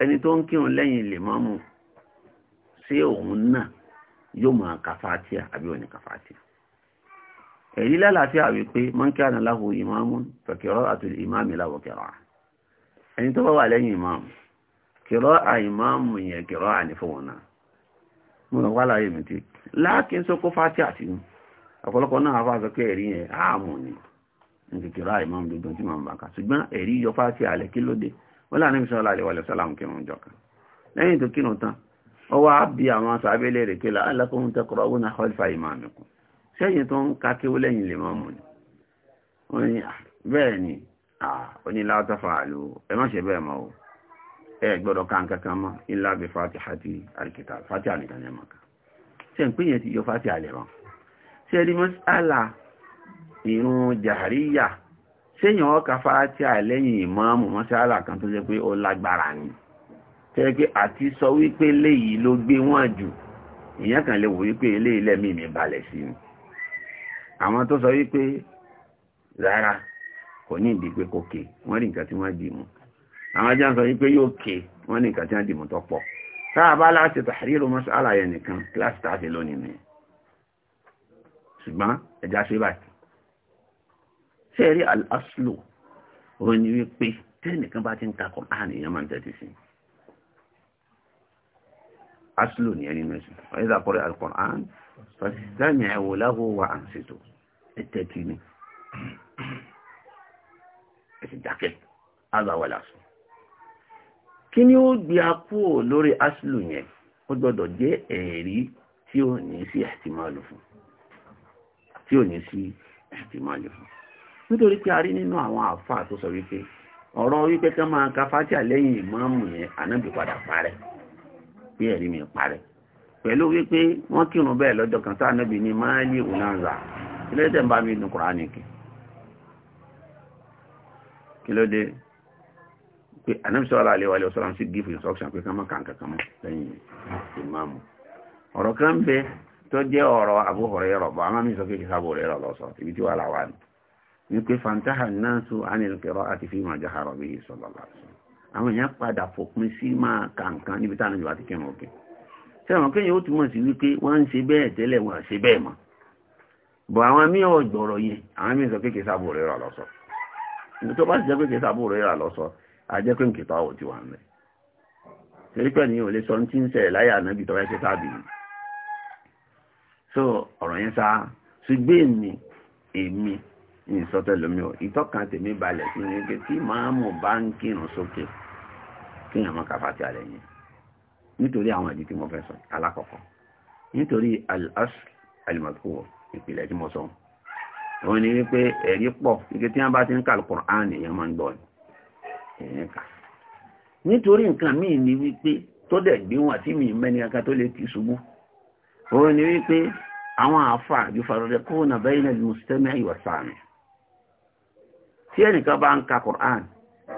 ẹni tó ń kírun lẹ́yìn lè máàmù ṣé òun náà yóò máa kàfáàtíà àbí òní kàfáàtíà èyí lálàáfíà wípé mọ́ńkí ànáláhùn ìmáàmù fẹ̀kẹ̀rọ̀ àti ìmáàmì láwọ̀ ẹni tó bá wà lẹ́yìn ìmáàmù kìrọ́ àìmáàmù yẹn kìrọ́ àní fún wọn náà mo ràn wá láyé mi tí láàkín sókó fátí àti ní ọ̀pọ̀lọpọ̀ náà afá sọ pé ẹ̀rí yẹn àmù ni nǹkan kìrọ́ àìmáàmù gbogbo tí màá ń bá kà ṣùgbọ́n ẹ̀rí yọ fátí àlẹ́ kí ló dé wọ́n láàrin sọ láàrin wàlẹ̀ sálàmù kírun jọ kan lẹ́yìn tó kírun tán ó wá bí àwọn sàbẹ̀lẹ̀ rẹ̀ pé alákòóhun ń ka ẹ gbọ́dọ̀ ká nǹkan kan mọ́ ilá bí fatiha ti àríkìtà fatiha nìkan yẹn mọ̀ká ṣe ń pínyẹ ti yọ fatiha lẹ̀ wọn ṣe rí mọ́sálà irun jàríyà ṣéyàn ọkà fatiha lẹ́yìn ìmáàmù mọ́sálà kan tó jẹ́ pé ó lágbára ni tẹ́lẹ̀ pé àti sọ wípé léyìí ló gbé wọ́n jù ìyẹn kan lè wò wípé eléyìí lẹ́mìí mi balẹ̀ sí ni àwọn tó sọ wípé rárá kò ní ìdí pé kò ké wọ́n rí nǹkan tí wọ́n dì mú àwọn ajá ń sọ wípé yóò ké wọ́n ní nǹkan tí wọ́n dìmú tó pọ̀ táà bá láti tàhírò mọ́ṣálà yẹn nìkan kíláàsì tá a ṣe lónìí nìyẹn ṣùgbọ́n ẹja ṣe báyìí ṣe rí al-aslu ó ní wípé tẹ́nìkan bá ti ń ka Kùránì èèyàn máa ń tẹ́tí sí aslu ní ẹni mẹ́sìn ọ̀yẹ́dà kọ́rẹ́ al-Qur'an fàṣìṣàmì ẹ̀wò láhù wà á ń ṣètò ẹ̀tẹ́tí ni ẹ̀sìn jákẹ́ azawalasu kí ni ó gbé akúò lórí aslu yẹn ó gbọ́dọ̀ jẹ́ ẹ̀rí tí ò ní sí ihtimalu fún tí ò ní sí ihtimalu fún nítorí pé a rí nínú àwọn àfáà tó sọ wípé ọ̀rọ̀ wípé ká máa ka fátíà lẹ́yìn ìmáàmù yẹn ànábì padà parẹ́ bí ẹ̀rí mi parẹ́ pẹ̀lú wípé wọ́n kírun bẹ́ẹ̀ lọ́jọ́ kan sáà nábì ní máàlì ònàǹzà kí ló ń bá mi nu Kùránì kí ló pé anamsọ́lá alẹ́ wàlẹ́ ọ̀sọ́lá sí give instruction pé kánmọ́ kàn kankan mọ́ lẹ́yìn ìmáàmù ọ̀rọ̀ kan bẹ tó jẹ́ ọ̀rọ̀ Abu Hurairah bọ̀ àmọ́ mi sọ pé kí sábò rẹ̀ rọ̀ lọ́sọ̀ ibi tí wà láwà ni ni pé fantaha náàsù anìlùkẹ́rọ́ àti fíìmù àjáhàrọ̀ bí sọ̀lọ́lá àwọn èèyàn padà fòpin sí máa kàǹkan níbi táwọn ìjọba ti kírun òkè sẹ́wọ̀n kéèyàn ó túmọ̀ sí wípé wọ́n ń ṣe bẹ́ẹ̀ tẹ́lẹ̀ wọ́n ṣe bẹ́ẹ̀ mọ́ bọ̀ àwọn míì ọ̀gbọ̀rọ̀ yẹn àwọn míì sọ pé kí sábò rẹ̀ rọ̀ ajẹ́ pé nkìtà ọ̀ ti wà ń bẹ̀. torí pẹ̀ ní ò lè sọ ní tí ń sẹ̀ láyà ànábì tọ́ ẹ̀ṣẹ̀ tábì ni. so ọ̀rọ̀ yẹn sá ṣùgbọ́n èmi èmi ní ìsọtẹ́lómi ò ìtọ́ka tèmi balẹ̀ sí ni pé tí màámù bá ń kírun sókè kéèyàn máa kàfà tí a lè yẹn nítorí àwọn ìdí tí mo fẹ́ sọ alákọ̀ọ́kọ́ nítorí al-asl al-madhkur ìpìlẹ̀ tí mo sọ òun ni wípé ẹ̀rí pọ̀ ike tí wọ́n bá ti ń kà Al-Qur'an èèyàn máa ń gbọ́ ni èèyàn kà nítorí nǹkan míì ni wípé tó dẹ̀ gbé àti mi mẹ́ni kankan tó lè tì ṣubú òun ni wípé àwọn àáfàá ìfarọ̀dẹ kó nà bẹ́yìn náà mùsùlùmí àyíwá sàmì tí ẹnìkan bá ń ka Qur'an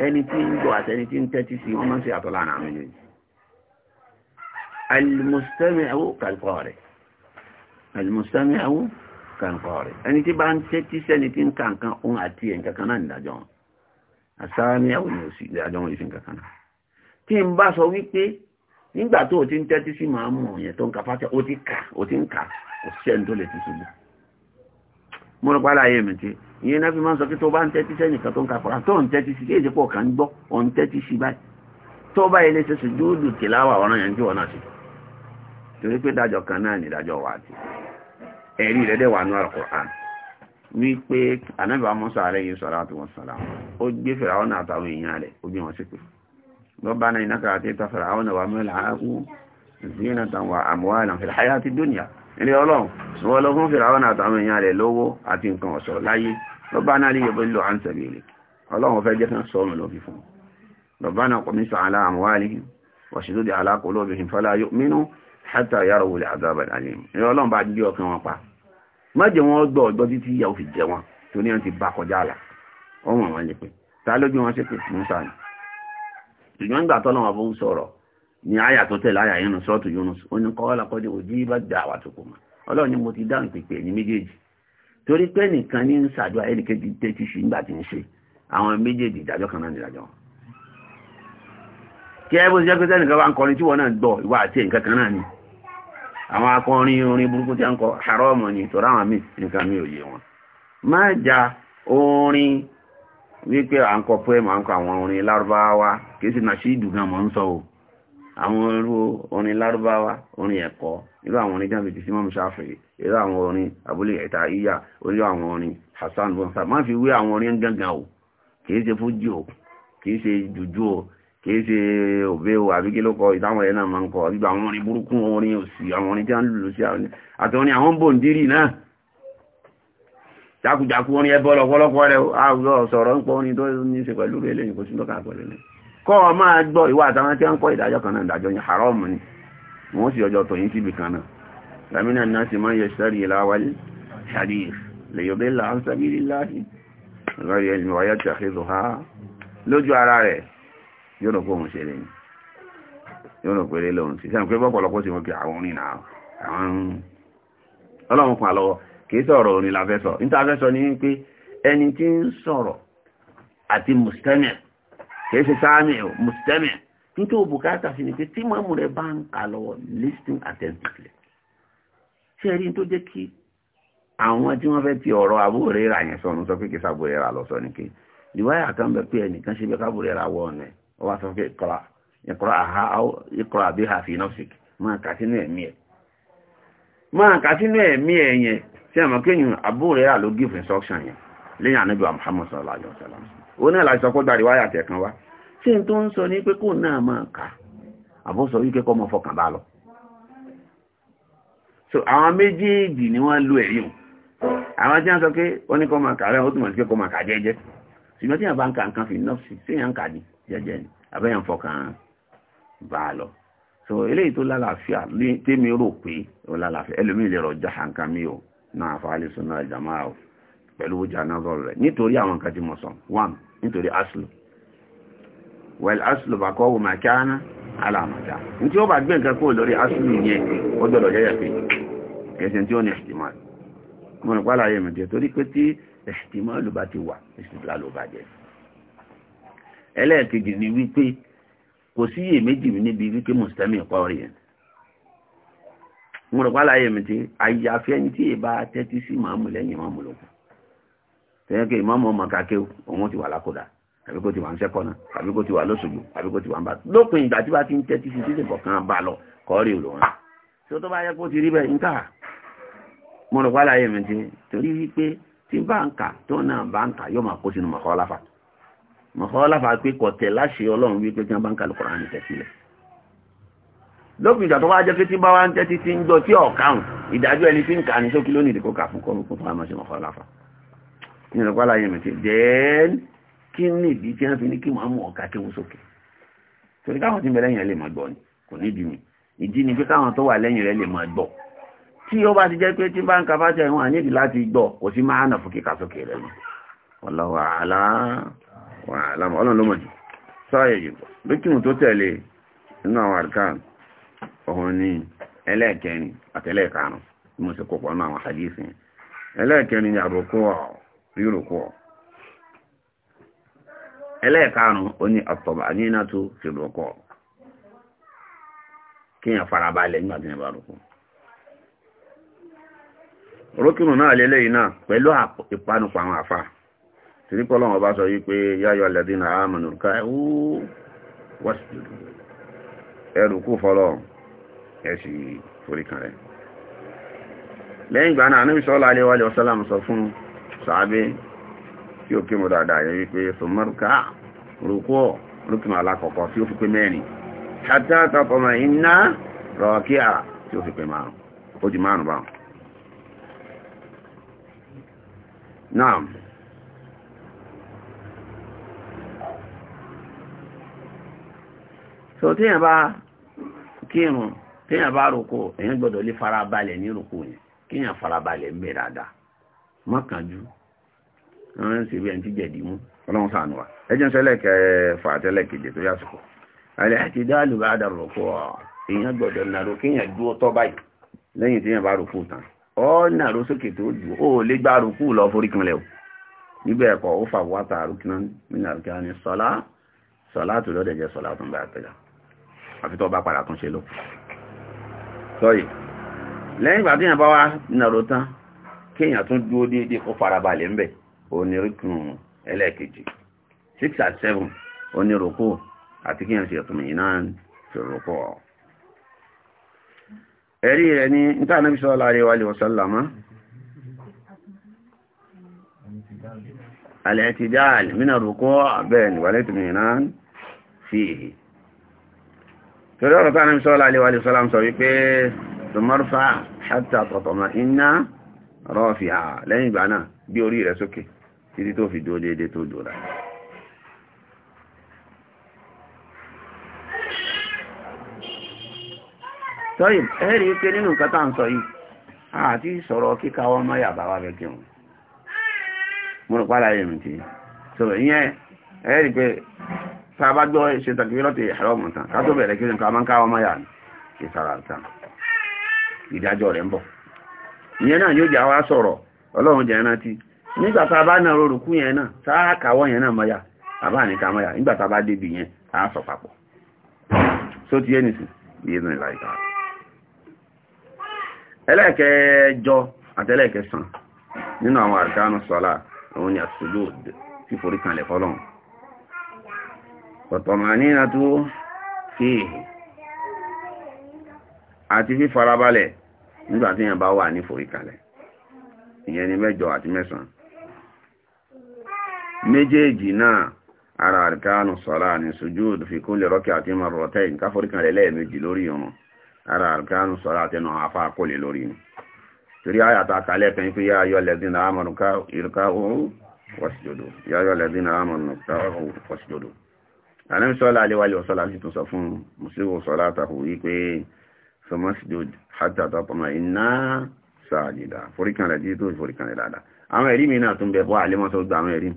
ẹni tí ń gbọ́ àti ẹni tí ń tẹ́tí sí wọ́n máa ń ṣe àtọ́lá àná mi lóyún al-mustami'u kal-qari al-mustami'u ẹni tí bá ń tẹ́tí sẹ́ni tí ń ka òun àti ẹ̀ nǹkan kan náà nìdájọ́ wọn àsáníà ò ní òsì ìdájọ́ wọn ìfín kankan náà tí n bá sọ wípé nígbà tó o ti ń tẹ́tí sí màá mọ̀ yẹn tó ń ka fátíà o ti kà o ti ń kà kò sí ẹni tó lè ti ṣubú mo rò pàdé ayé mi ti ìyẹn náà fi máa ń sọ pé tó bá ń tẹ́tí sẹ́nìkan tó ń ka kọ́ra tó ń tẹ́tí sí kéèjì pọ̀ kàn ń gbọ́ ò ń tẹ́tí sí báyìí tó bá ilé ṣe sùjúdù tìláwà ọ̀ràn yẹn tí wọ́n náà torí pé dájọ́ kan náà ní dájọ́ wà á ti ẹ̀rí rẹ̀ dẹ̀ wà nú Al-Qur'an wípé anábà Musa alayhi salatu wassalam ó gbé fìràwọ́nà àtàwọn èèyàn rẹ̀ ó bí wọn sí pé lọ́bàánà ìnáka àti ìta fìràwọ́nà wà mẹ́lá áhù zinatan wa amwalan fil hayati dunya ilé ọlọ́run wọ́n lọ fún fìràwọ́nà àtàwọn èèyàn rẹ̀ lówó àti nǹkan ọ̀ṣọ́ láyé lọ́bàánà lè yẹ bẹ́lú à ń sẹ̀bí ilé ọlọ́run fẹ́ jẹ́ kí wọ́n sọ ọmọ lọ́fi fún lọ́bàánà qumisa ala amwalihim wa má jẹ́ wọn gbọ́ ọ̀gbọ́ títí ìyàwó fi jẹ wọn tó ní wọn ti bá kọjá àlà ọmọ wọn lè pè ta ló gbé wọn ṣépè Musa ni ṣùgbọ́n nígbà tọ́lọ́ wọn bó ń sọ̀rọ̀ ní àyà tó tẹ̀lé àyà yẹn sọ́ọ̀tù Yunus ó ní kọ́ lápọ́dé òjì bá dà wà tó kò mọ́ Ọlọ́run ni mo ti dáhùn pèpè ní méjèèjì torí pé nìkan ní ń ṣàdúrà ẹnìkejì tẹ́tí sí nígbà tí ń ṣe àwọn méjèèjì ìdájọ́ kan náà nìdájọ́ wọn kí ẹ bó ṣe pé sẹ́nìkan bá ń kọrin tí wọ́n náà gbọ́ ìwà àti nǹkan kan náà ni àwọn akọrin orin burúkú tí a ń kọ haramu ni tó ráwọn mí nǹkan mi ò yé wọn má ja orin wípé à ń kọ poem à ń kọ àwọn orin lárúbáwá kìí sì nàṣídù gan mọ̀ ń sọ o àwọn irú orin lárúbáwá orin ẹ̀kọ́ irú àwọn orin jáde ti símọ́ ṣáfẹ́ irú àwọn orin abúlé ẹ̀ta ìyá orí àwọn orin Hassan bonsa má fi wé àwọn orin gangan o kìí ṣe fújì o kìí ṣe jùjú o kìí ṣe òbí o àbí kí ló kọ ìdáwọn ẹ̀ náà máa ń kọ àbí àwọn orin burúkú orin òsì àwọn orin tí a ń lùlù sí àwọn àti orin àwọn bòǹdírì náà jákujàku orin ẹbọ lọ́pọ̀lọpọ̀ rẹ̀ àwùjọ sọ̀rọ̀ ń pọ̀ orin tó ní ṣe pẹ̀lú rẹ̀ lẹ́yìn kò sí lọ́kà pẹ̀lú rẹ̀ kọ́ ọ máa gbọ́ ìwà àtàwọn tí a ń kọ́ ìdájọ́ kan náà ìdájọ́ yẹn haram ni wọ́n sì ọjọ́ tòyìn síbi kan náà lamina náà sì máa yẹ sẹ́rì ìlàwálé ṣàdìr lèyọ̀bẹ́lá ń sẹ́bí lílá sí lójú ara rẹ̀ yóò rò pé òun ṣe lẹ́yìn yóò rò pé eré lòun ṣe sẹ́yìn pé bọ́pọ̀lọpọ̀ sí wọn kí àwọn orin náà àwọn ọlọ́run pa lọ́wọ́ kìí sọ̀rọ̀ orin la fẹ́ sọ níta fẹ́ sọ ní pé ẹni tí ń sọ̀rọ̀ àti mùsítẹ́mì kìí ṣe sáàmì o mùsítẹ́mì nítorí bùkátà sí ni pé tí mọ́mù rẹ bá ń kà lọ́wọ́ listen attentively ṣé ẹ rí tó jẹ́ kí àwọn tí wọ́n fẹ́ ti ọ̀rọ̀ àbúrò rẹ̀ rà yẹn sọ̀rọ̀ sọ pé kìí sàbúrò rẹ̀ rà lọ sọ ni kí ìwáyà kan bẹ pé ẹnìkan ṣe bẹ kábúrò rẹ̀ rà wọ ọ̀nà ẹ̀ ó wá sọ pé ìkọ́ra ìkọ́ra àhá ìkọ́ra àbí àfi nọ́fsìk máa kà sínú ẹ̀mí ẹ̀ máa kà sínú ẹ̀mí ẹ̀ yẹn sí àmọ́ kéyìn Abu Hurairah ló give instruction yẹn lẹ́yìn ànábì wa Muhammad sallallahu alayhi wa sallam ó náà láti sọ pé gbàrí wáyà tẹ̀ kan wá ṣé tó ń sọ ní pé kó náà máa kà àbó sọ wípé kọ́ mọ fọkàn bá lọ so àwọn méjèèjì ni wọ́n lo ẹ̀yìn àwọn tí wọ́n sọ pé ó ní kọ́ máa kà rẹ̀ ó túmọ̀ sí pé kọ́ máa kà jẹ́jẹ́ ṣùgbọ́n tí wọ́n bá ń ka nǹkan fi nọ́ọ̀sì sí yàn ń kà ní jẹ́jẹ́ ni abẹ́yàn fọkàn bá a lọ so eléyìí tó lálàáfíà ní tèmi rò pé ó lálàáfíà ẹlòmíì lè rọ jáhà nǹkan mi o náà fàálì súnà ìjàmá o pẹ̀lú ojà náà sọ̀rọ̀ rẹ̀ nítorí àwọn nǹkan tí mo sọ one nítorí aslu well aslu bàkọ́ wò máa kíáná alàmàdá ní tí ó bá gbé nǹkan kúrò lórí aslu yẹn ó gbọ́dọ̀ jẹ́jẹ́ pé ẹ̀sìn tí ó ní ihtimal mo rò pálá mi dé torí pé tí ihtimal ló bá ti wà ihtimal ló bá jẹ́ ẹlẹ́ẹ̀kejì ni wípé kò síyè méjì níbi wípé mùsùlùmí kọ́ọ̀rì yẹn mo rò pálá yẹmi tí àyàfi ẹni tí ìbá tẹ́tí sí màmú lẹ́yìn màmú lókun tẹ́yẹ́ kí ìmọ̀ ọmọ kàkẹ́ òun ti wà lákòdà àbí kó ti wà ń sẹ́kọ̀nà àbí kó ti wà lóṣogbo àbí kó ti wà ń bá lópin ìgbà tí bá ti ń tẹ́tí sí títí kọ̀ọ̀kan bá lọ kọ́ọ̀rì òlòrán tí ó tó bá yẹ kó ti rí bẹ́ẹ̀ ń mo rò pálá yẹmi tí torí wípé tí bá ń kà tó náà bá ń kà yóò máa kó sínú mọ̀kọ́ láfàá mọ̀kànláfà pé kọ̀tẹ̀ láṣẹ ọlọ́run wípé tí wọ́n bá ń kàlù kọ̀rọ̀ àmì tẹ̀sílẹ̀ lópin ìgbà tó wá jẹ́ pé tí bá wá ń tẹ́tí tí ń gbọ́ tí ọ̀káhùn ìdájọ́ ẹni tí ń kà ní sókí lónìí ìdíkò kà fún kọ́nù fún fún àmọ́ṣe mọ̀kànláfà kí ni ọ̀pá láyé mẹ́tẹ́ dẹ́ẹ́n kí ni ìdí tí wọ́n fi ní kí wọ́n mú kí wọ́n sókè torí káwọn tí ń lẹ́yìn rẹ lè máa gbọ́ ni kò ní ìdí ni ìdí ni pé káwọn tó wà lẹ́yìn rẹ lè máa gbọ́ tí ó bá ti jẹ́ pé wà láàmù ọlọ́run sọ́ọ̀yẹ̀ jù tó tẹ̀lé nínú àwọn àríkàn ọ̀hún ní ẹlẹ́ẹ̀kẹrin àtẹlẹ́ẹ̀karùn mo sì kópa nínú àwọn àdíìsì ẹlẹ́ẹ̀kẹrin ni àròkọ ríròkọ ẹlẹ́ẹ̀karùn ó ní ọ̀tọ̀bà nínú tó fi ròkọ nígbà tí yẹn bá náà lélẹ́yìn náà pẹ̀lú ìpanupọ̀ àwọn àfáà torí pé bá sọ wípé yáyọ alladhina amanu ruka'u wasjudu ẹrù kú fọ́lọ́ ẹ̀sì foríkan rẹ̀ lẹ́yìn ìgbà náà Ànábì sallallahu alaihi wa sọ fún sàábé tí ó kí mo dáadáa yẹ wípé sọmọ́rùká rúkú rúkìmọ̀ alákọ̀ọ́kọ́ tí fi pé fi pé márùn ó di márùn báwọn so tí bá kírun téèyàn bá roko èyàn gbọ́dọ̀ lè farabalẹ̀ ní yẹn farabalẹ̀ ń dáadáa mọ́kànjú ń mú ọlọ́run sànù wa sẹ́lẹ̀ tẹ́lẹ̀ tó bá dà roko èyàn gbọ́dọ̀ nàró kéèyàn dúró tọ́ báyìí lẹ́yìn téèyàn bá roko tán ọ nàró sókè àfi tó bá padà tún ṣe lọ sọ́yì lẹ́yìn ìgbà tí èèyàn bá wá nàró tán kí èèyàn tún dúró déédé kó farabalẹ̀ ń bẹ̀ onírúkùn ẹlẹ́ẹ̀kejì six and seven onírúkù àti kí èèyàn ṣe ìtumọ̀ náà ṣòrókù ọ̀ ẹ̀rí rẹ̀ ní níta náà fi sọ́ láàrin wàlẹ̀ ọ̀sánlámá alẹ́tìjáàlì mínà rúkọ́ bẹ́ẹ̀ ni wàlẹ́tìmọ̀ náà fìhì torí ọ̀rọ̀ tánà mi sọ́lá aléwà alẹ́sọ́lá sọ wípé tọmọ́rfà hátà tọ̀tọ̀mọ̀ iná rọ́ọ̀fì à lẹ́yìn ìgbà náà bí orí rẹ̀ sókè títí tó fi dúó déédé tó dòrà sọ́yì ẹ̀rí pé nínú nǹkan tá à ń sọ yìí àti sọ̀rọ̀ kíka wọn mọ́ yàbá wa fẹ́ kírun mo tàbájọ́ ṣe tàbílọ́tẹ̀ ìhàrọ̀mù tán kátó bẹ̀rẹ̀ kí nǹkan máa ń na ta a bá náà rorùkú yẹn náà tá a kàwọ́ yẹn náà mọ́yà àbá ní ká mọ́yà nígbà a bá débi yẹn á ti yẹn nìsín yéé nù ìlàjà ẹlẹ́ẹ̀kẹjọ àtẹlẹ́ẹ̀kẹsàn nínú àwọn ni والطمأنينة فيه àti fífarabalẹ̀ nígbàtí yẹn bá wà ní foríkalẹ̀ ìyẹn ni mẹ́jọ àti mẹ́sàn méjèèjì náà ara àrìkánù sọ́lá ní sujúdù fi kulli rak'atin marratayn ká foríkalẹ̀ lẹ́ẹ̀mejì lórí ọ̀run ara àrìkánù sọ́lá tẹnu àfá kólè lórí ni torí àyàtà kalẹ̀ kan fi yá ayọ́ lẹ́dínà amanu ká ìrìká òun wasjudu yá ayọ́ lẹ́dínà amanu ká òun wasjudu ànábì sọ́lá aléwálé ọ̀sọ́lá sì tún sọ fún mùsùlùmí sọ́lá àtàkù wípé sọmọ́sídòd hátà tọpọmọ iná sáàdìdà foríkanlẹ̀ tí tó foríkanlẹ̀ dáadáa àwọn ẹ̀rí mi náà tún bẹ̀ bọ́ àlémọ́sọ́ gba àwọn ẹ̀rí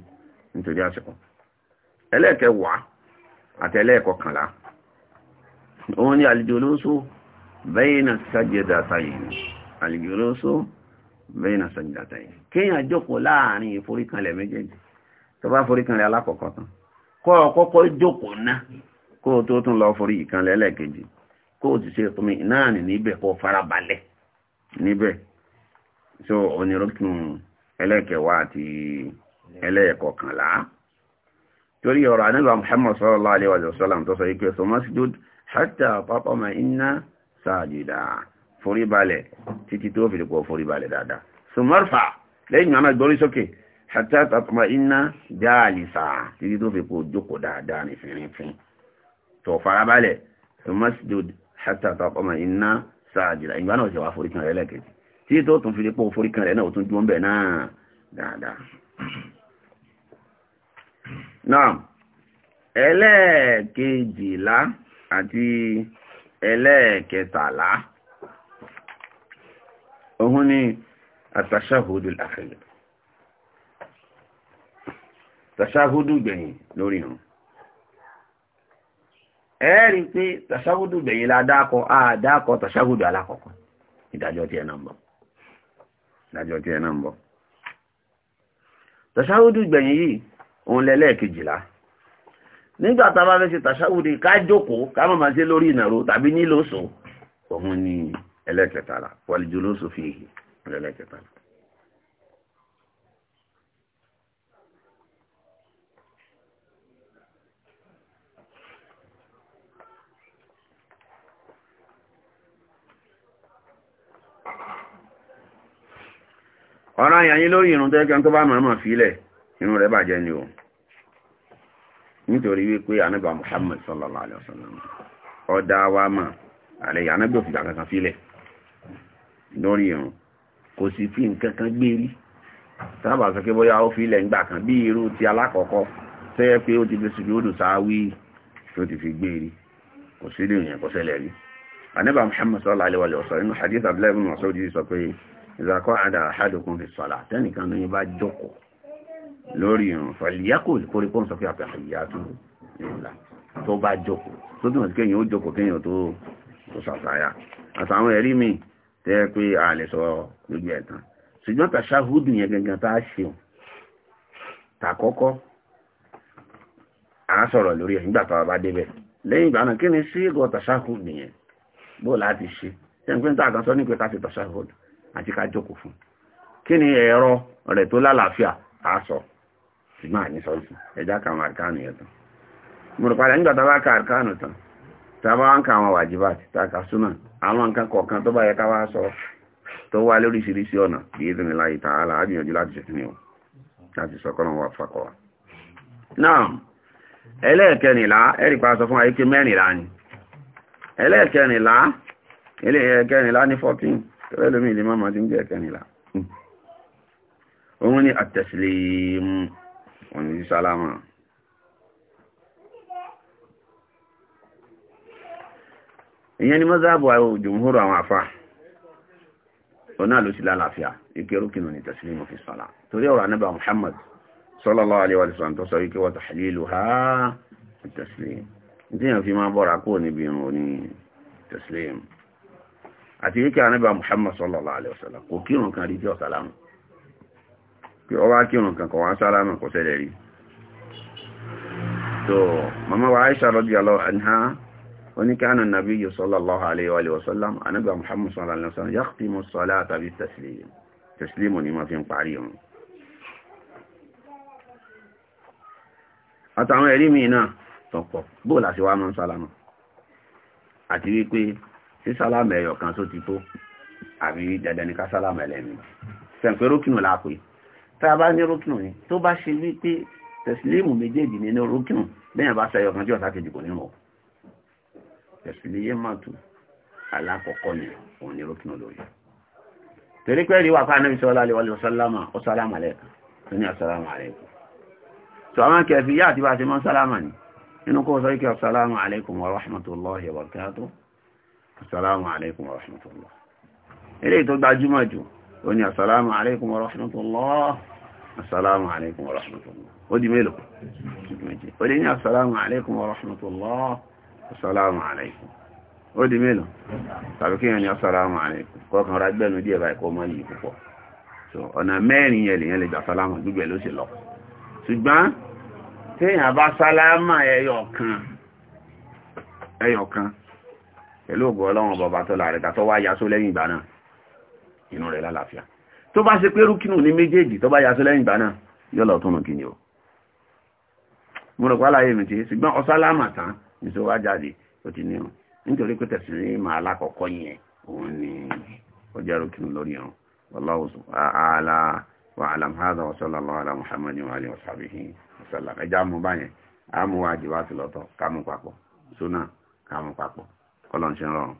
nítorí àsìkò ẹlẹ́ẹ̀kẹwàá àti ẹlẹ́ẹ̀kọkànlá òun ni àlìjòlóso bẹ́yìnà sájẹ̀dà táyìn àlìjòlóso bẹ́yìnà sájẹ̀dà táyìn kéèyàn jókòó láàrin ìforíkanlẹ̀ méjèèjì tó bá foríkanlẹ̀ alákọ̀ọ́kọ́ kọ́ ọkọ́kọ́ jókòó ná kó o tó tún lọ forí ìkan lẹ́lẹ́kejì kó o ti ṣe ìpinmi náà ní níbẹ̀ kó o farabalẹ̀ níbẹ̀ so onírúkún ẹlẹ́kẹ̀wá àti ẹlẹ́ẹ̀kọkànlá torí ọ̀rọ̀ àníbà Muhammad sallallahu alaihi wa sallam tó sọ ike so masjid hatta pápámà iná sáàjìdá forí balẹ̀ títí tó fi lè kọ́ forí balẹ̀ dáadáa so marfa lẹ́yìn àmà gbórí sókè hàtà tàtàmà iná jáàlìsà títí tó fi kó jókòó dáadáa ní fìrìnfìn tó farabalẹ̀ tó masjid hàtà tàtàmà iná sáàjìlá ìgbà náà ṣẹwà forí kan rẹ̀ lẹ́kẹ̀ẹ́ títí tó tún fi pọ̀ forí kan rẹ̀ náà tún dúró bẹ̀ náà dáadáa. náà ẹlẹ́ẹ̀kejìlá àti ẹlẹ́ẹ̀kẹtàlá òhun ni àtàṣàhùdù àfẹ́lẹ̀. tàṣáhúdù gbẹ̀yìn lórí ìrun ẹ̀ẹ́rí pé tàṣáhúdù gbẹ̀yìn ládákọ àádákọ tasahudu alákọ̀ọ́kọ́ ìdájọ́ tí ẹ̀nà ń bọ̀ ìdájọ́ tí ẹ̀nà ń bọ̀ tàṣáhúdù gbẹ̀yìn yìí òun lẹ́lẹ́ẹ̀kejìlá nígbà tá a bá fẹ́ ṣe tàṣáhúdù ká jókòó ká má máa ṣe lórí ìnàró tàbí òun ni la. ọ̀rọ̀ àyàyí lórí ìrùn tó ẹgbẹ́ tó bá mọ̀ọ́mọ̀ fílẹ̀ inú rẹ̀ bàjẹ́ ni o nítorí wípé anábà Muhammad sallallahu alaihi wasallam ọdá wa mà àlẹ́ anábà òfìgbà kankan fílẹ̀ lórí ìrùn kò sì fi nǹkan kan gbé rí sábà sọ pé bóyá ó fílẹ̀ ń gbà kan bí irú ti alákọ̀ọ́kọ́ tó yẹ pé ó ti fi sùjúdù sáwí tó ti fi gbé kò sí lè yẹn kò ṣẹlẹ̀ rí anábà Muhammad sallallahu alaihi wasallam inú hadith abdullahi bin Mas'ud sọ pé ìzàkọ́ àdà àṣádùkún fi sọ́lá tẹ́nìkan ní bá jókòó lórí ìrùn fọ̀lìyàkò ìkórikó ń sọ pé àpẹ̀hìyà tó ìlà tó bá jókòó tó túnmọ̀ sí kéyìn ó jókòó kéyìn tó tó sàṣàyà àtàwọn ẹ̀rí mi tẹ́ pé a lè sọ lójú ẹ̀tàn ṣùgbọ́n tàṣáhùdù yẹn gangan tá a ṣe tàkọ́kọ́ a sọ̀rọ̀ lórí ẹ̀ nígbà bá débẹ̀ lẹ́yìn ìgbà kí ni sí ìgò tàṣáhùdù yẹn bó láti ṣe ṣe ń pín kan sọ ní pé ká àti ká jókòó fún kí ni ẹ̀rọ rẹ̀ tó lálàáfíà á sọ ṣùgbọ́n àní sọ́ọ̀sì àrkánù yẹn tán nígbà bá ka àrkánù tán ń ka àwọn wàjibà tá ka súnà àwọn nǹkan kọ̀ọ̀kan tó bá yẹ ká wá sọ tó wá lóríṣiríṣi ọ̀nà bí ìta àlà wọn wà fakọ̀ wa. náà ẹlẹ́ẹ̀kẹrìnlá sọ fún tọ́lá lómi ilé máa ti ń jẹ́ ẹ̀kẹ́nìlá òun ni àtẹ̀sílẹ̀mù òun ni sálámà ìyẹn ni mọ́sáàbù jùmúhúrò àwọn àfá ọ̀nà ló sí lálàáfíà ìkẹrùkínú ni tẹ̀sílẹ̀mù fi sọ́lá torí ọ̀rọ̀ anábà Muhammad sallallahu alaihi wa sallam tó sọ wípé wọ́n tahliluha tẹ̀sílẹ̀mù àti wíkẹ́ anábà Muhammad sallallahu alaihi wasallam kò kírun kan rí tí ó sálámù pé ọwá kírun kan kọ̀ wọ́n sálámù kò sẹ́lẹ̀ rí so mama wa Aisha radiyallahu anha wani kana nabiyyu sallallahu alaihi wasallam anábà Muhammad sallallahu alaihi wasallam yakhtimu salata bi taslim taslimu ni ma fi ń parí wọn àtàwọn ẹ̀rí mi náà tọ̀pọ̀ bóòlà àti wípé sí sálámù ẹ̀yọ̀ kan tó ti tó àbí dandan ní ká sálámù ẹlẹ́mìí sẹ̀ǹpẹ́ rókìnù la pè tá a bá ní rókìnù ni tó bá ṣe wípé tẹ̀sílíìmù méjèèjì nínú rókìnù lẹ́yìn bá sẹ́yọ̀ kan tí ọ̀sá kejì kò ní mọ̀ tẹ̀sílíìmù alákọ̀ọ́kọ́ ni òun ní rókìnù lórí torí pé rí wà fún anábì sọ́lá alẹ́ wàlẹ́ ọ̀sálámà ọ̀sálámà lẹ́ẹ̀kan tó ní ọ̀sálámà lẹ́ẹ̀kan tó àwọn kẹfì yá àti bá ti mọ́ sálámà ni nínú kó sọ ikẹ́ ọ̀sálámà alẹ́kùn wa rahmatullahi wa barakatuh assalamu alaikum wa rahmatullah ilé tó gbajúmọ̀ jù ó ní assalamu alaikum wa rahmatullah assalamu alaikum wa rahmatullah ó di mélòó ó di ní assalamu alaikum wa rahmatullah assalamu alaikum ó di mélòó tàbí kí ní assalamu alaikum kọkàn rà gbẹ́nu díẹ̀ báyìí kó mọ́ yìí púpọ̀ ọ̀nà mẹ́rin yẹn lè yẹn lè gbà sálámà gbígbẹ̀ ló sì lọ ṣùgbọ́n téèyàn bá sálámà ẹyọ̀kan ẹyọ̀kan pẹ̀lú ògùn ọlọ́run bọ̀bá tó la rẹ̀ ká tó wá yasó lẹ́yìn ìgbà náà inú rẹ̀ lálàáfíà tó bá ṣe pé rúkínù ní méjèèjì tó bá yasó lẹ́yìn ìgbà náà yóò lọ túnú kí ni o mo rò pálá yèmí ti ṣùgbọ́n ọ̀sálámà tán ní wá jáde ó ti ní o ni ó jẹ́ rúkínù lórí àlà 不能静哦。